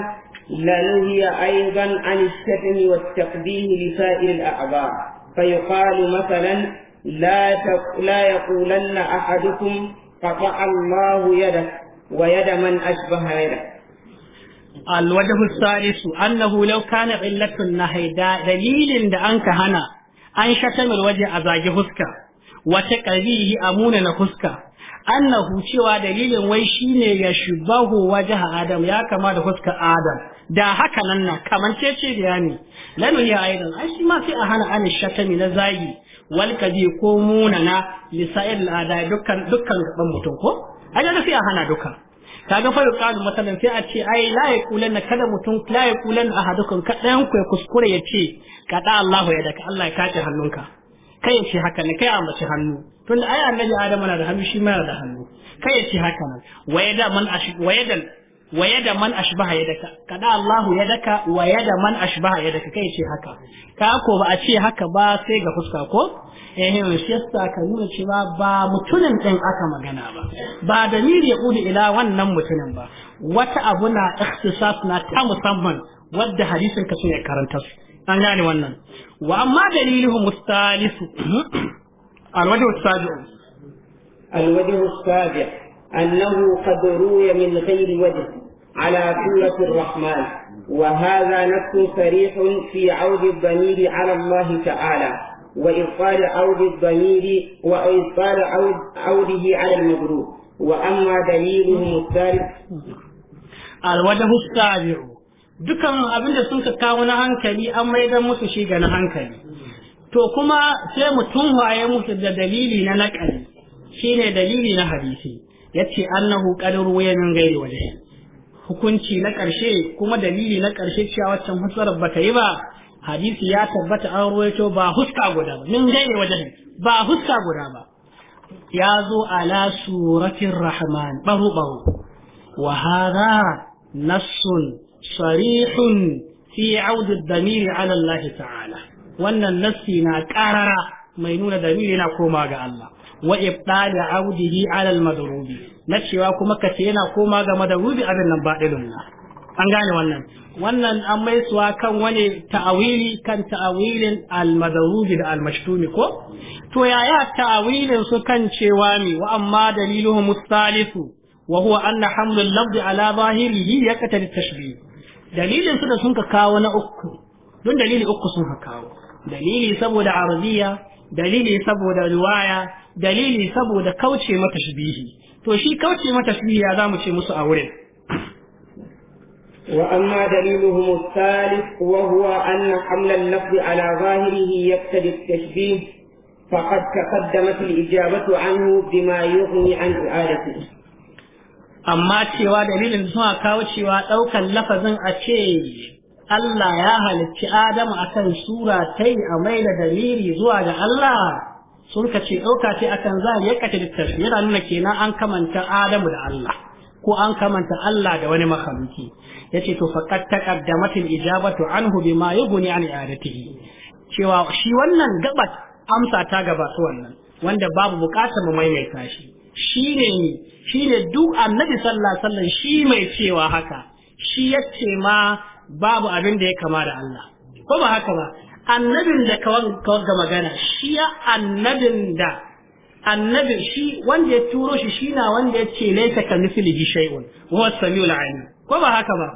لنهي أيضا عن الشتم والتقبيح لسائر الأعضاء فيقال مثلا لا لا يقولن احدكم قطع الله يده ويد من اشبه يده الوجه الثالث انه لو كان علة النهي دليل دا أنك هنا ان شتم الوجه أزاج هسكا وتقريه امون هسكا annahu cewa dalilin wai shine ya shubahu wajaha adam ya kama da fuskar adam da haka nan na kamance ce da yani lanu ya aidan an shi ma sai a hana an shatami na zagi wal ko munana lisa'il al'ada dukkan dukkan ban mutum ko aje da sai a hana dukkan kaga fa yuqalu masalan sai a ce a la yaqulanna kada mutum la yaqulanna ahadukum kadan ku ya kuskure ya ce kada Allahu ya daka Allah ya kace hannunka kai ya haka ne kai a mace hannu tunda ai annabi Adam na da hannu shi ma da hannu kai ya haka nan wayadan man ashi wa yada man ashbaha yadaka kada Allahu yadaka wa yada man ashbaha yadaka kai ce haka ka ko ba a ce haka ba sai ga fuska ko eh shi yasa ka nuna cewa ba mutumin din aka magana ba ba da miri ya kudi ila wannan mutumin ba wata abu na ikhtisas na ta musamman wadda hadisin ka sun ya karanta su an gane wannan wa amma dalilu mustalisu alwajhu sabi'u alwajhu sabi أنه قد روي من غير وجه على سورة الرحمن وهذا نص صريح في عود الضمير على الله تعالى وإبطال عود الضمير وإبطال عود عوده على المغروب وأما دليلهم الثالث الوجه السابع dukan abin da sun kawo na hankali an maida musu shi ga na hankali to kuma sai mutum waye musu da dalili na naƙari shine dalili na hadisi yace annahu qad ruwiya min ghairi wajhi hukunci na ƙarshe, kuma dalili na ƙarshe cewa waccan ba bata yi ba hadisi ya tabbata an ruwaito ba huska guda ba min ghairi wajen ba huska guda ba ya zo ala suratin rahman baro baro wa hadha nassun sarihun fi aud ad ala Allah ta'ala wannan nassi na ƙarara, mai nuna damiri na koma ga Allah wa ibdali audihi ala al-madrubi na cewa kuma kace yana koma ga madrubi abin nan badilun na an gane wannan wannan an maisuwa kan wani ta'awili kan ta'awilin al-madrubi da al-mashtumi ko to yaya ta'awilin su kan cewa mi wa amma daliluhu mustalifu wa huwa anna hamlul lafzi ala zahirihi yaqtadi tashbih dalilin su da sun ka kawo na uku don dalili uku sun ka kawo dalili saboda arziya dalili saboda riwaya dalili saboda kauce mata shibihi to shi kauce mata shibihi ya zamu ce musu a wurin wa amma dalilihu musalif wa huwa anna hamla al-lafz ala zahirihi yaqtadi at-tashbih faqad taqaddamat al-ijabatu anhu bima yughni an i'adatihi amma cewa dalilin suna kawo cewa daukan lafazin a ce Allah ya halicci Adamu akan sura a mai da daliri zuwa ga Allah sun ka ce ɗauka ce akan za ya kace yana nuna kenan an kamanta Adamu da Allah ko an kamanta Allah da wani Ya yace to faqad taqaddamat al-ijabatu anhu bima yughni an i'adatihi cewa shi wannan gabat amsa ta gaba su wannan wanda babu bukatar mu maimaita shi shine shine duk annabi sallallahu alaihi wasallam shi mai cewa haka shi yace ma babu abin da ya kama da Allah ko ba haka ba annabin da kawar ga magana shi ya annabin da annabin shi wanda ya turo shi shi na wanda ya ce laisa ka mislihi shay'un wa samiul alim ko ba haka ba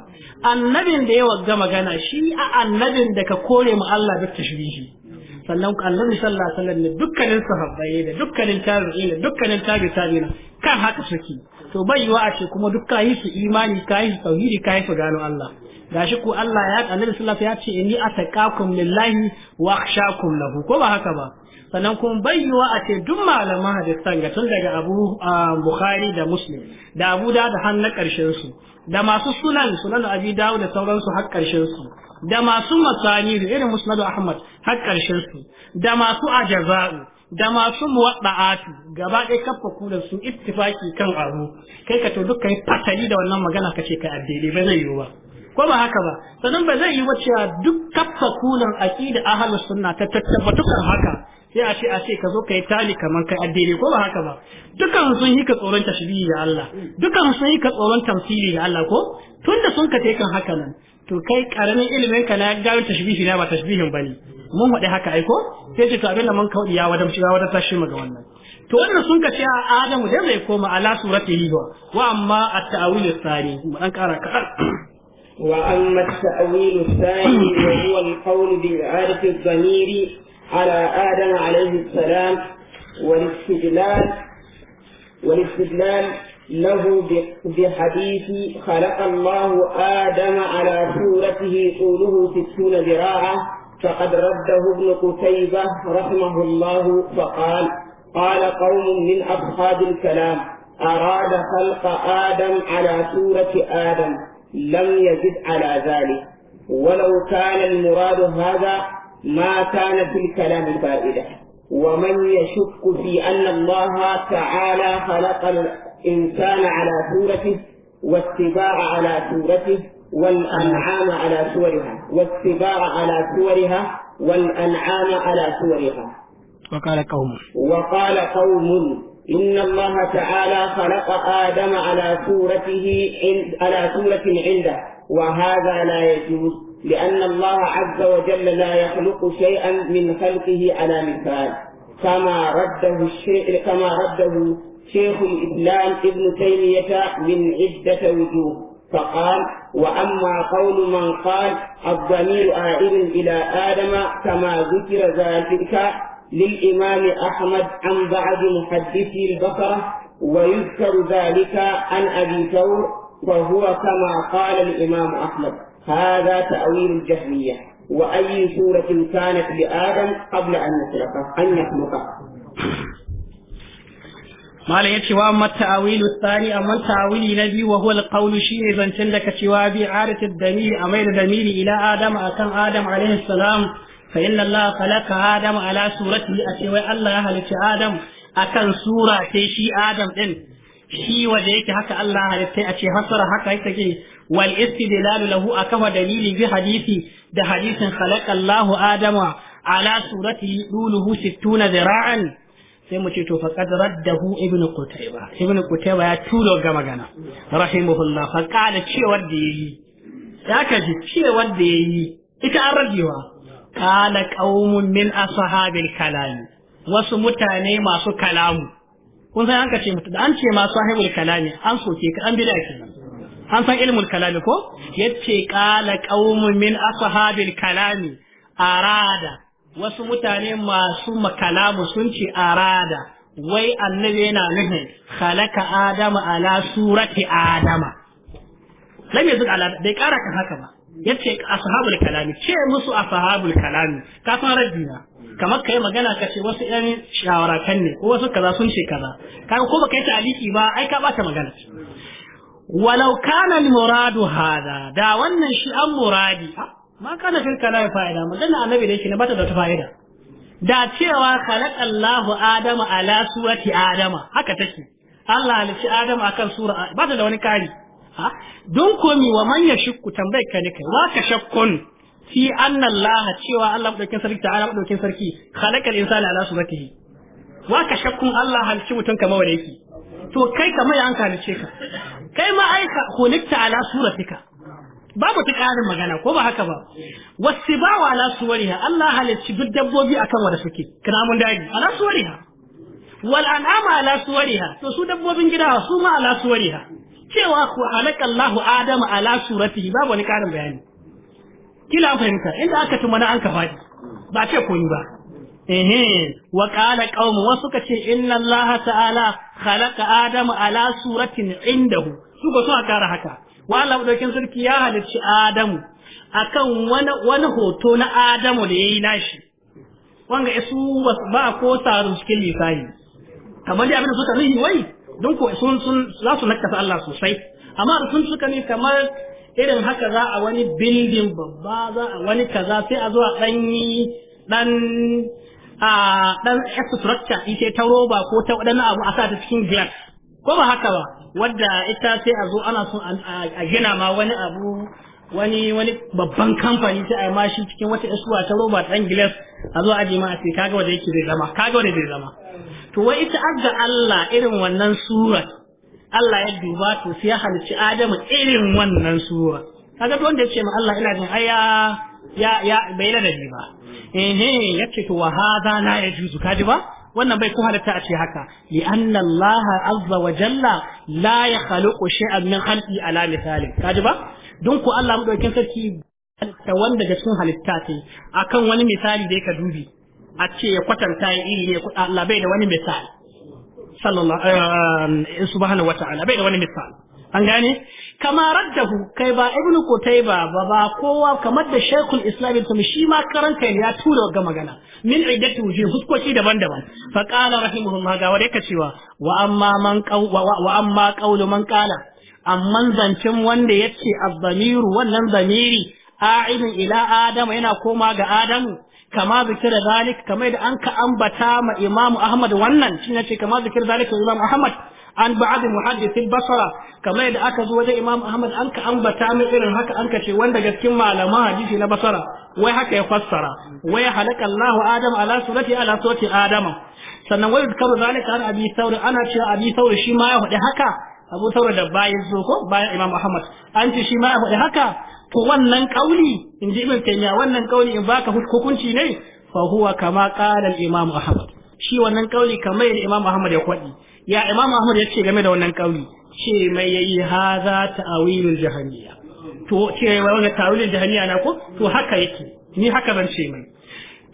annabin da ya wagga magana shi a annabin da ka kore mu Allah da tashbihi sannan annabi sallallahu alaihi wasallam dukkanin sahabbai da dukkanin tabi'i da dukkanin tabi'ina kan haka suke to bai yiwa a ce kuma duk kayi su imani kayi su tauhidi kayi su gano Allah gashi ko Allah ya annabi da alaihi ya ce inni ataqakum lillahi wa akhshakum lahu ko ba haka ba sannan kun bayyuwa a ce duk malaman hadisan ga tun daga Abu ah, Bukhari da Muslim da Abu da da har na karshen su da masu sunan sunan Abi Dawud da sauransu har karshen su da masu masani da irin Musnad Ahmad har karshen su da masu ajaza'u da masu muwadda'atu gaba ɗaya kafa da su ittifaki kan abu kai ka to dukkan fatali da wannan magana ka ce kai addini ba zai yiwu ba ko ba haka ba sannan ba zai yi wa cewa duk kafa kulan aqida ahlu sunna ta tabbatu kan haka sai a ce a ce ka zo kai tali kamar kai addini ko ba haka ba dukan sun yi ka tsoron tashbihi da Allah dukan sun yi ka tsoron tamsili da Allah ko tunda sun ka kan haka nan to kai karamin ilimin ka na gano tashbihi na ba tashbihin bane mun wade haka ai ko sai ce to abin da mun kaudi ya wadan shiga wadan tashi mu ga wannan to wannan sun ka ce a Adamu dai bai koma ala suratihi ba wa amma at-ta'wil tsari mu dan kara kadan وأما التأويل الثاني وهو القول بإعادة الضمير على آدم عليه السلام والاستدلال والاستدلال له بحديث خلق الله آدم على صورته طوله ستون ذراعا فقد رده ابن قتيبة رحمه الله فقال قال قوم من أصحاب الكلام أراد خلق آدم على صورة آدم لم يزد على ذلك ولو كان المراد هذا ما كان في الكلام الفائدة ومن يشك في أن الله تعالى خلق الإنسان على صورته والسباع على صورته والأنعام على صورها والسباع على صورها والأنعام على صورها وقال قوم وقال قوم إن الله تعالى خلق آدم على سورته على سورة عنده وهذا لا يجوز لأن الله عز وجل لا يخلق شيئا من خلقه على مثال كما رده الشيء كما رده شيخ الإسلام ابن تيمية من عدة وجوه فقال وأما قول من قال الضمير عائد إلى آدم كما ذكر ذلك للإمام أحمد عن بعض محدثي البقرة ويذكر ذلك عن أبي ثور فهو كما قال الإمام أحمد هذا تأويل الجهمية وأي سورة كانت لآدم قبل أن يخلق أن يخلق ما لا يتوى ما التأويل الثاني أما التأويل الذي وهو القول شيء إذا تندك توابي عارة الدميل أمير دميل إلى آدم أكن آدم عليه السلام fa inna allaha khalaqa adama ala surati a ce wai allah ya halitta adam akan sura sai shi adam ɗin, shi waje yake haka allah halittai a ce hasara haka yake ke wal istidlalu lahu akama dalili bi hadisi da hadisin khalaqa allahu adama ala surati duluhu 60 zira'an sai mu ce to fa qad raddahu ibnu qutayba ibnu qutayba ya tulo ga magana rahimahullah fa qala cewar da yayi ya kaji cewar da yayi ita an ragewa qala qaumun min ashabil kalam wasu mutane masu kalamu kun san an ka ce mutum an ce ma sahibul kalami an soke ka an bida kenan an san ilmul kalami ko yace qala qaumun min ashabil kalami arada wasu mutane masu makalamu sun ce arada wai annabi yana nufin khalaqa adama ala surati adama lam yazid ala bai kara kan haka ba yace ashabul kalami ce musu ashabul kalami ka san rabbina kamar kai magana kace wasu yan shawarakan ne ko wasu kaza sun ce kaza kaga ko baka yi ta'aliki ba ai ka bata magana walau kana al-muradu hada da wannan shi an muradi ma kana fil kalami fa'ida magana annabi da yake ne bata da ta fa'ida da cewa khalaqallahu adama ala surati adama haka take Allah halicci Adam akan sura ba da wani kari don komi wa manyan yashku tambayar ka ne kai wa ka shakkun fi annan Allah cewa Allah madaukin sarki ta ta'ala madaukin sarki khalaqal insana ala suratihi wa ka shakkun Allah halci mutum kamar wanda yake to kai ya an halice ka kai ma ai ka khuliqta ala suratika babu ta ƙarin magana ko ba haka ba Wasu wasibawa ala suwariha Allah halicci duk dabbobi akan wanda suke kiramun daji ala suwariha wal an'ama ala suwariha to su dabbobin gida su ma ala suwariha cewa ku halaka Allahu Adamu ala suratihi babu wani karin bayani kila an fahimta inda aka tuma na an ka faɗi ba ce koyi ba ehe wa qala qaum wasu ka ce inna Allah ta'ala khalaqa Adamu ala suratin indahu su ko sun kara haka wa Allah dokin sarki ya halicci Adamu akan wani wani hoto na Adamu da yayi nashi wanga isu ba ko sarun cikin lisani kamar dai abin da suka nuhi wai don ko sun sun za su nakasa Allah sosai amma sun suka ne kamar irin haka za a wani building babba za a wani kaza sai a zuwa dan yi dan a dan structure ita ta roba ko ta dan abu a sa ta cikin glass ko ba haka ba wadda ita sai a zo ana son a gina ma wani abu wani wani babban kamfani sai a ma mashi cikin wata isuwa ta roba dan glass a zo a ma a ce kaga wanda yake zai zama kaga wanda zai zama to wai ita azza Allah irin wannan surar Allah ya duba to sai ya halici Adamu irin wannan sura kaga to wanda ya ce ma Allah ina jin aya, ya ya bai ladabi ba eh yace to wa hadha la yajuzu kaji ba wannan bai ku halatta a ce haka li anna Allah azza wa jalla la yakhluqu shay'an min khalqi ala misali kaji ba don ko Allah madaukakin sarki ta wanda ga cikin halitta ta akan wani misali da yake dubi a ce ya kwatanta ya iri ne Allah bai da wani misal sallallahu eh, eh, subhanahu ta'ala bai da wani misal an gane kama raddahu kai ba Ibn kutayba ba ba kowa kamar da shaykhul islam ibn shi ma karan kai ya tura ga magana min iddatu wujuh huskoki daban-daban fa qala rahimahullah ga wadai ka cewa wa amma man wa amma qawlu man qala amman zancin wanda yace az-zamiru wannan zamiri a'idun ila adama yana koma ga adamu kama zikira zalik kamar da an ka ambata ma imamu ahmad wannan shi ne ce kama zikira zalik ga imamu ahmad an ba'ad muhaddithil basra kamar da aka zo wajen imamu ahmad an ka ambata mai irin haka an ka ce wanda gaskin malaman hadisi na basara wai haka ya fassara wai halaka allah adam ala surati ala surati adama sannan wai kabu zalika an abi sauri ana cewa abi sauri shi ma ya faɗi haka abu sauri da bayan zo ko bayan imam ahmad an ce shi ma ya faɗi haka to wannan kauli in ji ibn wannan kauli in baka hukunci ne fa huwa kama qala al imam ahmad shi wannan kauli kamar yadda imam ahmad ya kwadi ya imam ahmad ya ce game da wannan kauli ce mai yayi hadha ta'wilul jahaniya. to ce wannan ta'wilul jahaniya na ko to haka yake ni haka ban ce mai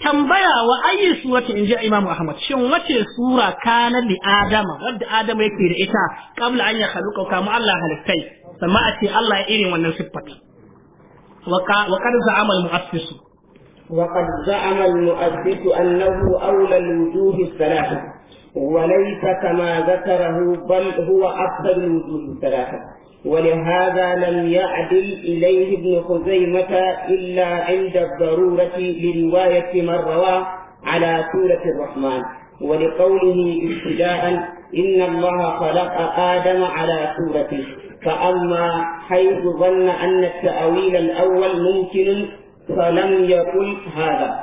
tambaya wa ayyi surati Imam Ahmad shin wace sura kana li Adama wadda Adama yake da ita kabla an ya khaluqa kamu Allah halittai sama a ce Allah ya irin wannan siffati وقد زعم المؤسس وقد زعم المؤسس أنه أولى الوجوه الثلاثة وليس كما ذكره بل هو أفضل الوجوه الثلاثة ولهذا لم يعدل إليه ابن خزيمة إلا عند الضرورة لرواية من رواه على سورة الرحمن ولقوله ابتداء إن الله خلق آدم على سورته فأما حيث ظن أن التأويل الأول ممكن فلم يقل هذا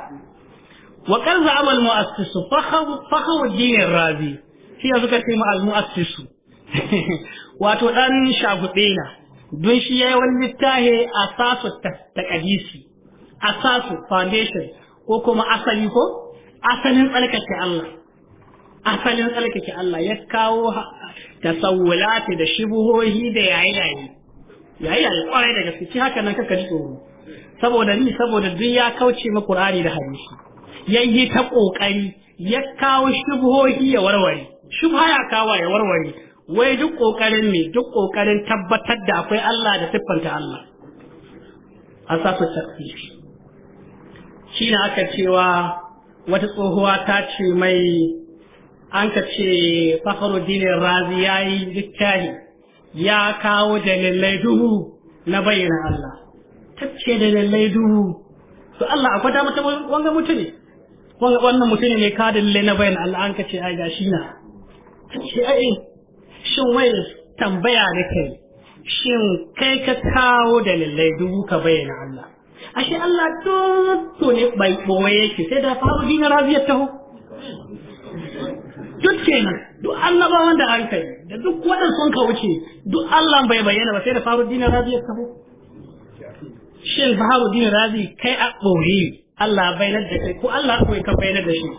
وكان زعم المؤسس فخو فخو الدين الرازي في ذلك مع المؤسس وتدان شاغدينا دون شيء أساس التقديس أساس فاونديشن وكما أصليكو أصلين فلكة الله أصلين فلكة الله يكاو tasawulati da shibuhohi da yayi-yayi yayi-yayi kwarai da haka nan kaka ji tsoro saboda ni saboda duk ya kauce ma Qur'ani da hadisi yayi ta kokari ya kawo shibuhohi ya warware shubha ya kawo ya warware wai duk kokarin ne duk kokarin tabbatar da akwai Allah da siffanta Allah ta tafsir shi ne aka cewa wata tsohuwa ta ce mai an ka ce fakhruddin razi ya yi littafi ya kawo dalilai duhu na bayyana Allah da dalilai duhu to Allah akwai ta mutum wanga mutune wannan mutune ne ka dalilai na bayyana Allah an ka ce ai gashi na tacce ai shin wai tambaya da kai shin kai ka kawo dalilai duhu ka bayyana Allah ashe Allah to ne bai boye yake sai da faru razi raziyar taho duk kenan duk annabawan da an kai da duk wadan sun ka wuce duk Allah bai bayyana ba sai da Faru Faruddin Razi ya taho shin Faruddin Razi kai a boye Allah bai da kai ko Allah kawai ka bai da shi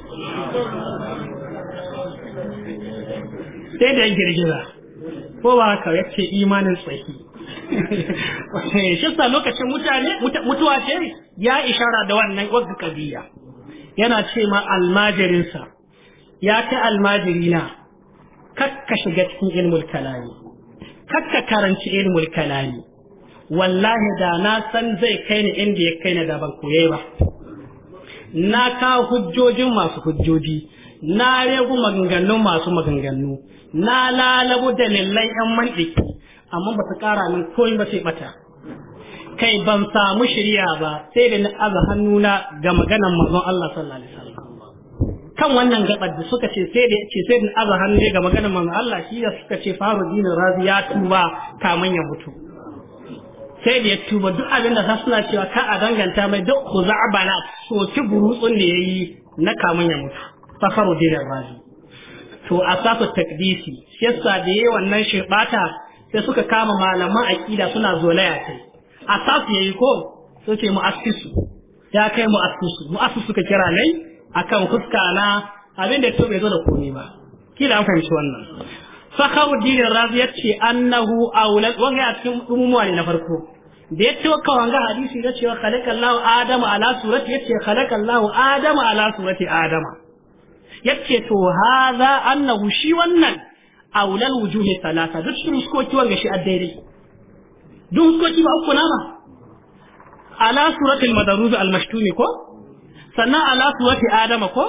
sai da girgiza ko ba ka yake imanin tsaki shi lokacin mutane mutuwa ce ya ishara da wannan wadda kabiya yana ce ma almajirinsa ya ta almajirina kakka shiga cikin ilmul kalami kakka karanci ilmul kalami wallahi da na san zai kai ni inda ya kai ni da ban koye ba na kawo hujjojin masu hujjoji na regu maganganu masu maganganu na lalabu da lallai yan mandiki amma ba su kara min koyi ba sai bata kai ban samu shirya ba sai da na aza hannuna ga maganan manzon Allah sallallahu alaihi wasallam kan wannan gabar da suka ce sai da ce sai da azhan ne ga maganar manzo Allah shi da suka ce faru dinin razi ya tuba kaman ya mutu sai da ya tuba duk abin da suna cewa ka a danganta mai duk khuzabana so ki burutsun da yayi na kaman ya mutu faru dinin razi to asafu takdisi yasa da yayi wannan shirbata sai suka kama malaman akida suna zolaya kai asas yayi ko sai ce mu'assisu ya kai mu mu mu'assisu suka kira nai akan fuska na abin da bai zo da komai ba kila an fahimci wannan fakhruddin razi yace annahu aula wanga a cikin umumuwa ne na farko da ya ce waka wanga hadisi na cewa khalaqallahu adama ala surati yace khalaqallahu adama ala surati adama yace to hadha annahu shi wannan aulal wujuhi salasa duk shi muskoki wanga shi addaidai duk muskoki ba uku na ba ala suratul madaruz al mashtumi ko sannan ala surati adama ko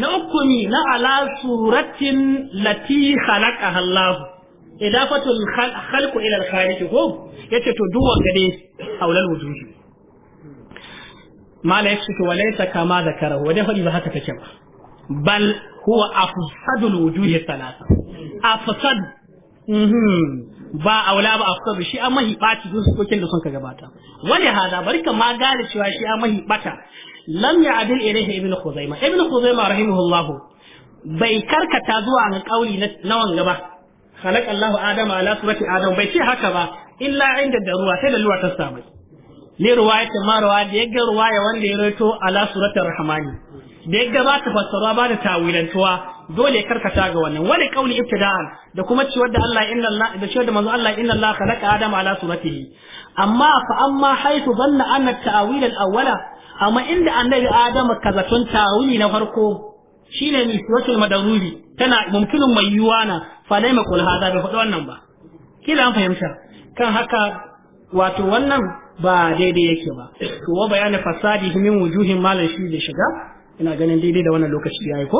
na uku ni na ala suratin lati khalaqa Allah idafatul khalqu ila al ko yace to duk wanda dai wujuhi mala yake to walaysa kama zakara wa dai ba haka take ba bal huwa afsadul wujuhi thalatha mhm. ba aula ba afsaru shi an mahi baci dun da sun ka gabata wani hada bari ka ma gane cewa shi an mahi bata lam ya'dil ilayhi ibn khuzaimah ibn khuzaimah rahimahullahu bai karkata zuwa ga kauli na wanga ba khalaqa Allah Adam ala surati Adam bai ce haka ba illa inda da ruwa sai da ta samu ne ruwaya ta ma ruwa da yaga ya wanda ya rato ala surati Rahmani da ya gabata fassara ba da tawilantuwa dole karkata ga wannan wani kauli ibtida'an da kuma ciwar da Allah inna Allah da ciwar da manzo Allah inna Allah khalaqa adam ala suratihi amma fa amma haitu dhanna anna at-ta'wil al-awwala amma inda annabi adam kazatun tawili na farko shine ni suratul madaruri tana mumkinun mai yuwana fa dai makul hada bai faɗi wannan ba kila an fahimta kan haka wato wannan ba daidai yake ba to bayanin fasadi min wujuhin malan shi da shiga ina ganin daidai da wannan lokaci ya yi ko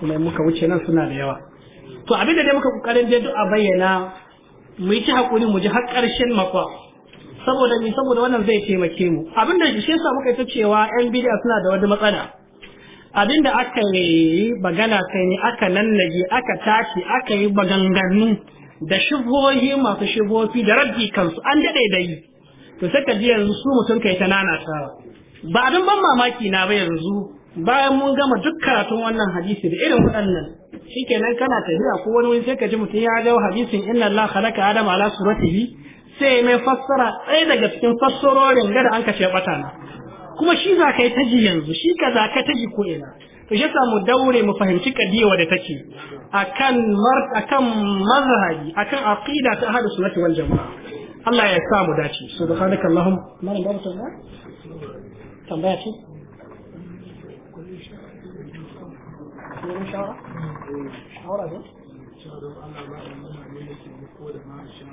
kuma muka wuce nan suna da yawa to abin da dai muka kokarin dai duk bayyana mu yi ci hakuri mu ji har ƙarshen makwa saboda ni saboda wannan zai taimake mu abin da shi yasa muka yi ta cewa yan bidiya suna da wani matsala abin da aka yi magana kai ne aka nannage aka tashi aka yi maganganu da shubohi masu shubofi da rabbi kansu an daɗe da yi to sai ka ji yanzu su mutum kai ta nanatawa ba abin ban mamaki na ba yanzu bayan mun gama duk karatun wannan hadisi da irin waɗannan shikenan kana tafiya ko wani wani sai ka ji mutum ya ga hadisin inna Allah khalaqa adam ala suratihi sai mai fassara ɗaya daga cikin fassarorin ga da an kashe bata na kuma shi za ka yi taji yanzu shi ka za ka taji ko ina to shi mu daure mu fahimci kadiyawa da take akan mar akan mazhabi akan aqida ta ahlus sunnati wal jamaa Allah ya sa mu dace subhanakallahumma wa bihamdika tambaya ce shawara shawara ne saboda masu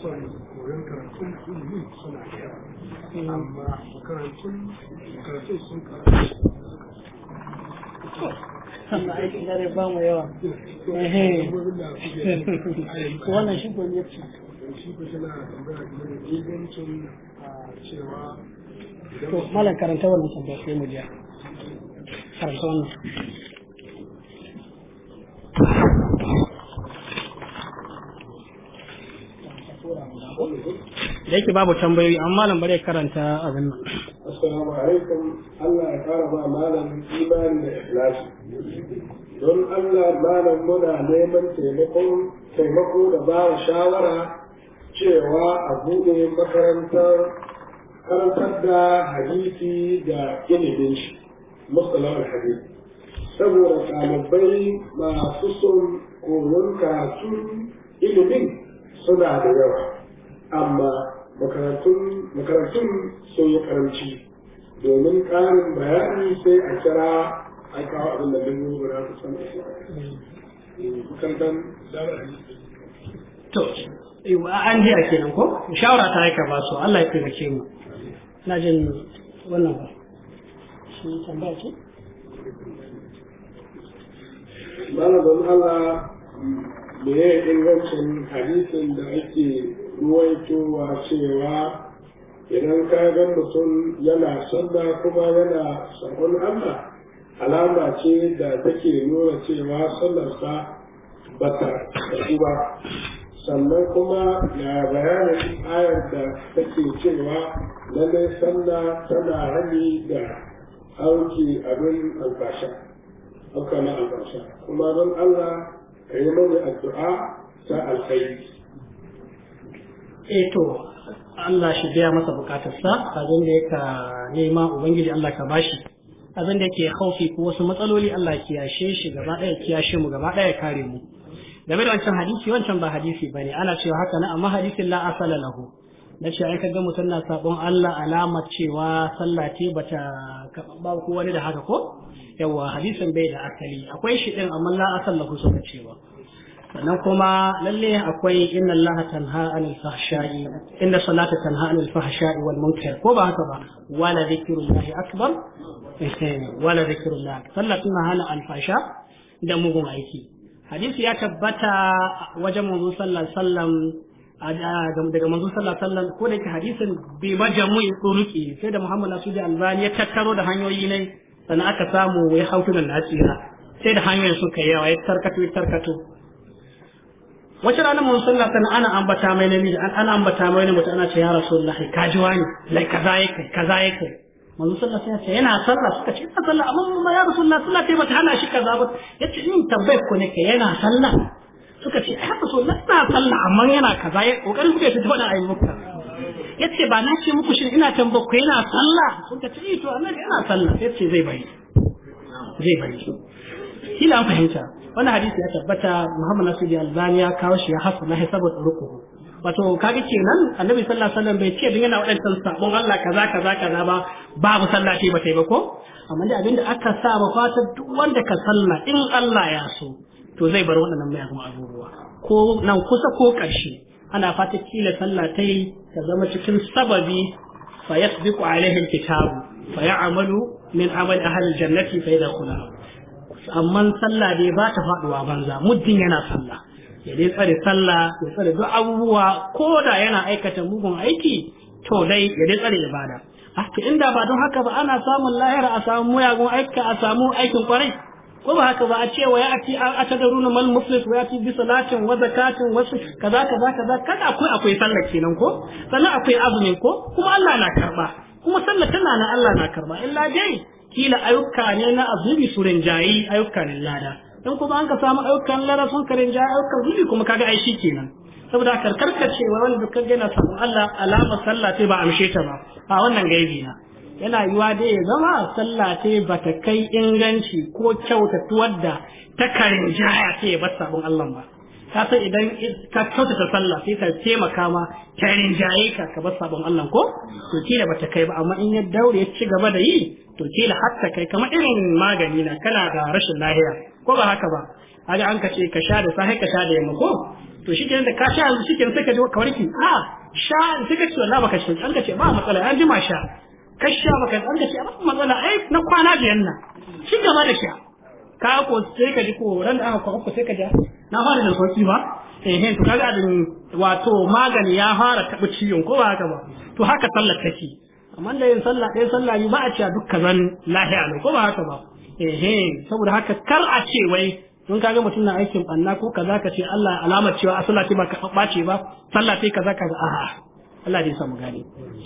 son koyon karatun ilimi suna yawa amma makarantun sun karatu aiki gare ba mu yawa wannan shi ko ne shi ko tambaya cewa to malam karanta wannan tambaya sai mu karanta wannan Thank you. da yake babu tambayoyi amma malam bare karanta abin nan assalamu alaikum Allah ya kara ba malam imani da ikhlas don Allah malam muna neman taimakon taimako da ba shawara cewa a bude makarantar karantar da hadisi da ilimin shi musallar hadisi saboda ɗalibai masu son koyon karatu ilimin suna da yawa amma makarantun sun yi karanci domin karin bayani sai a kira a kawo abin da dubu guda ku san makarantar eh, to an jiya kenan ko shawara ta haika ba su Allah ya taimake mu na jin wannan ba shi tambaya ce Malam Allah me ya ingancin hadisin da ake ruwaitowa cewa idan ka ga mutum yana sallah kuma yana sabon Allah alama ce da take nuna cewa sallarsa ba ta tafi ba sannan kuma ya bayanin ayar da take cewa lallai sallah tana rami da auki abin albasha na kuma don Allah ka yi mani addu'a ta alkhairi eh to Allah shi biya masa bukatarsa abin da yake nema ubangiji Allah ka bashi abin da yake haufi ko wasu matsaloli Allah kiyashe shi gaba daya kiyashe mu gaba daya kare mu game da wancan hadisi wancan ba hadisi ne ana cewa haka na amma hadisin la asala lahu na ce ai kaga mutum na sabon Allah alamar cewa sallah ce bata ba ko wani da haka ko yawa hadisin bai da asali akwai shi ɗin amma la asala lahu suka cewa sannan kuma lalle akwai inna allaha tanha anil fahsha'i inna salata tanha anil fahsha'i wal munkar ko ba haka ba wala zikrullahi akbar wala zikrullahi sallah tana hana alfasha da mugun aiki hadisi ya tabbata wajen manzo sallallahu alaihi daga manzo sallallahu alaihi ko da ke hadisin bi ko turuki sai da Muhammad Nasiru Albani ya tattaro da hanyoyi ne sannan aka samu ya wai hautunan nasira sai da hanyoyin suka yawa ya tarkato ya tarkato wace ranar mun sallah na ana ambata mai namiji ana ambata mai namiji ana ce ya rasulullahi ka ji wani lai za yake kaza yake sun sallah ya ce yana sallah suka ce ina sallah amma mun ya rasulullahi sallah sai ta hana shi kaza ba yace in tabbai ku nake yana sallah suka ce ya rasulullahi suna sallah amma yana kaza ya kokarin suka ce faɗa muka ya yace ba na ce muku shi ina tambar ku yana sallah suka ce ito eh, annabi yana sallah ya ce zai bari zai shi kila an fahimta wani hadisi ya tabbata Muhammad Nasiru Albani ya kawo shi ya hasa na saboda ruku wato kaga kenan Annabi sallallahu alaihi wasallam bai ce din yana wadannan sabon Allah kaza kaza kaza ba babu sallah ce ba ta yi ba ko amma da abinda aka sa ba fata duk wanda ka salla in Allah ya so to zai bar waɗannan mayagun abubuwa ko nan kusa ko ƙarshe ana fata kila sallah ta ta zama cikin sababi fa yasbiqu alaihi kitabu. fa ya'malu min amali ahli aljannati fa yadkhulaha amma sallah dai ba ta faduwa banza muddin yana sallah ya dai tsare sallah ya tsare duk abubuwa ko da yana aikata mugun aiki to dai ya dai tsare ibada haka ah, inda ba don haka ba ana samun lahira a samu muyagun aika a samu aikin kwarai ko ba haka ba a ce wa ya a ta daru na mal muflis wa ya bi salatin wa zakatin wasu kaza kaza kaza kada akwai akwai sallah kenan ko sannan akwai azumin ko kuma Allah na karba kuma sallah tana na Allah na karba illa dai kila ayyuka ne na azubi su rinjayi ayyuka ne lada don kuma an ka samu ayyukan lada sun ka rinjayi ayyukan zubi kuma kaga ai shi kenan saboda wa wanda dukkan yana samu Allah alama sallah ce ba amshe ta ba a wannan gaibi na yana yiwa dai ya zama sallah ce ba ta kai inganci ko kyautatuwar da ta karin jaya ce ba sabon Allah ba ka san idan ka kyautata sallah sai ta taimaka ma karin jaye ka ka bar sabon Allah ko to kila ba ta kai ba amma in ya daure ya ci gaba da yi To da hatta kai kamar irin magani na kana da rashin lahiya ko ba haka ba haka an ka ce ka sha da safe ka sha da yamma ko to shi da ka sha yanzu shi sai ka ji ka warki a sha sai ka ce wallahi baka shi an ka ce ba matsala an ma sha ka sha baka an ka ce ba matsala ai na kwana biyan nan shi gaba da sha ka ko sai ka ji ko ran da aka ko sai ka ji na fara da sauki ba eh to kaga da wato magani ya fara taɓa ciwon ko ba haka ba to haka sallar take amma da yin sallah ɗaya sallah biyu ba a cewa duk kazan lahiya ne ko ba haka ba ehe saboda haka kar a ce wai in kaga mutum na aikin banna ko kaza ka ce Allah alamar cewa a sallah ba ka ɓace ba sallah sai kaza kaza a'a Allah dai samu gane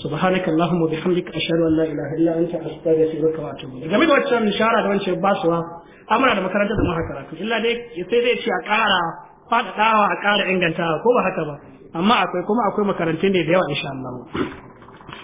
subhanaka allahumma bihamdika ashhadu an la ilaha illa anta astaghfiruka wa atubu ilayk game da wancan shara da wancan basuwa amana da makarantar da muka karatu illa dai sai zai ce a ƙara faɗaɗawa a ƙara ingantawa ko ba haka ba amma akwai kuma akwai makarantun da yawa insha Allah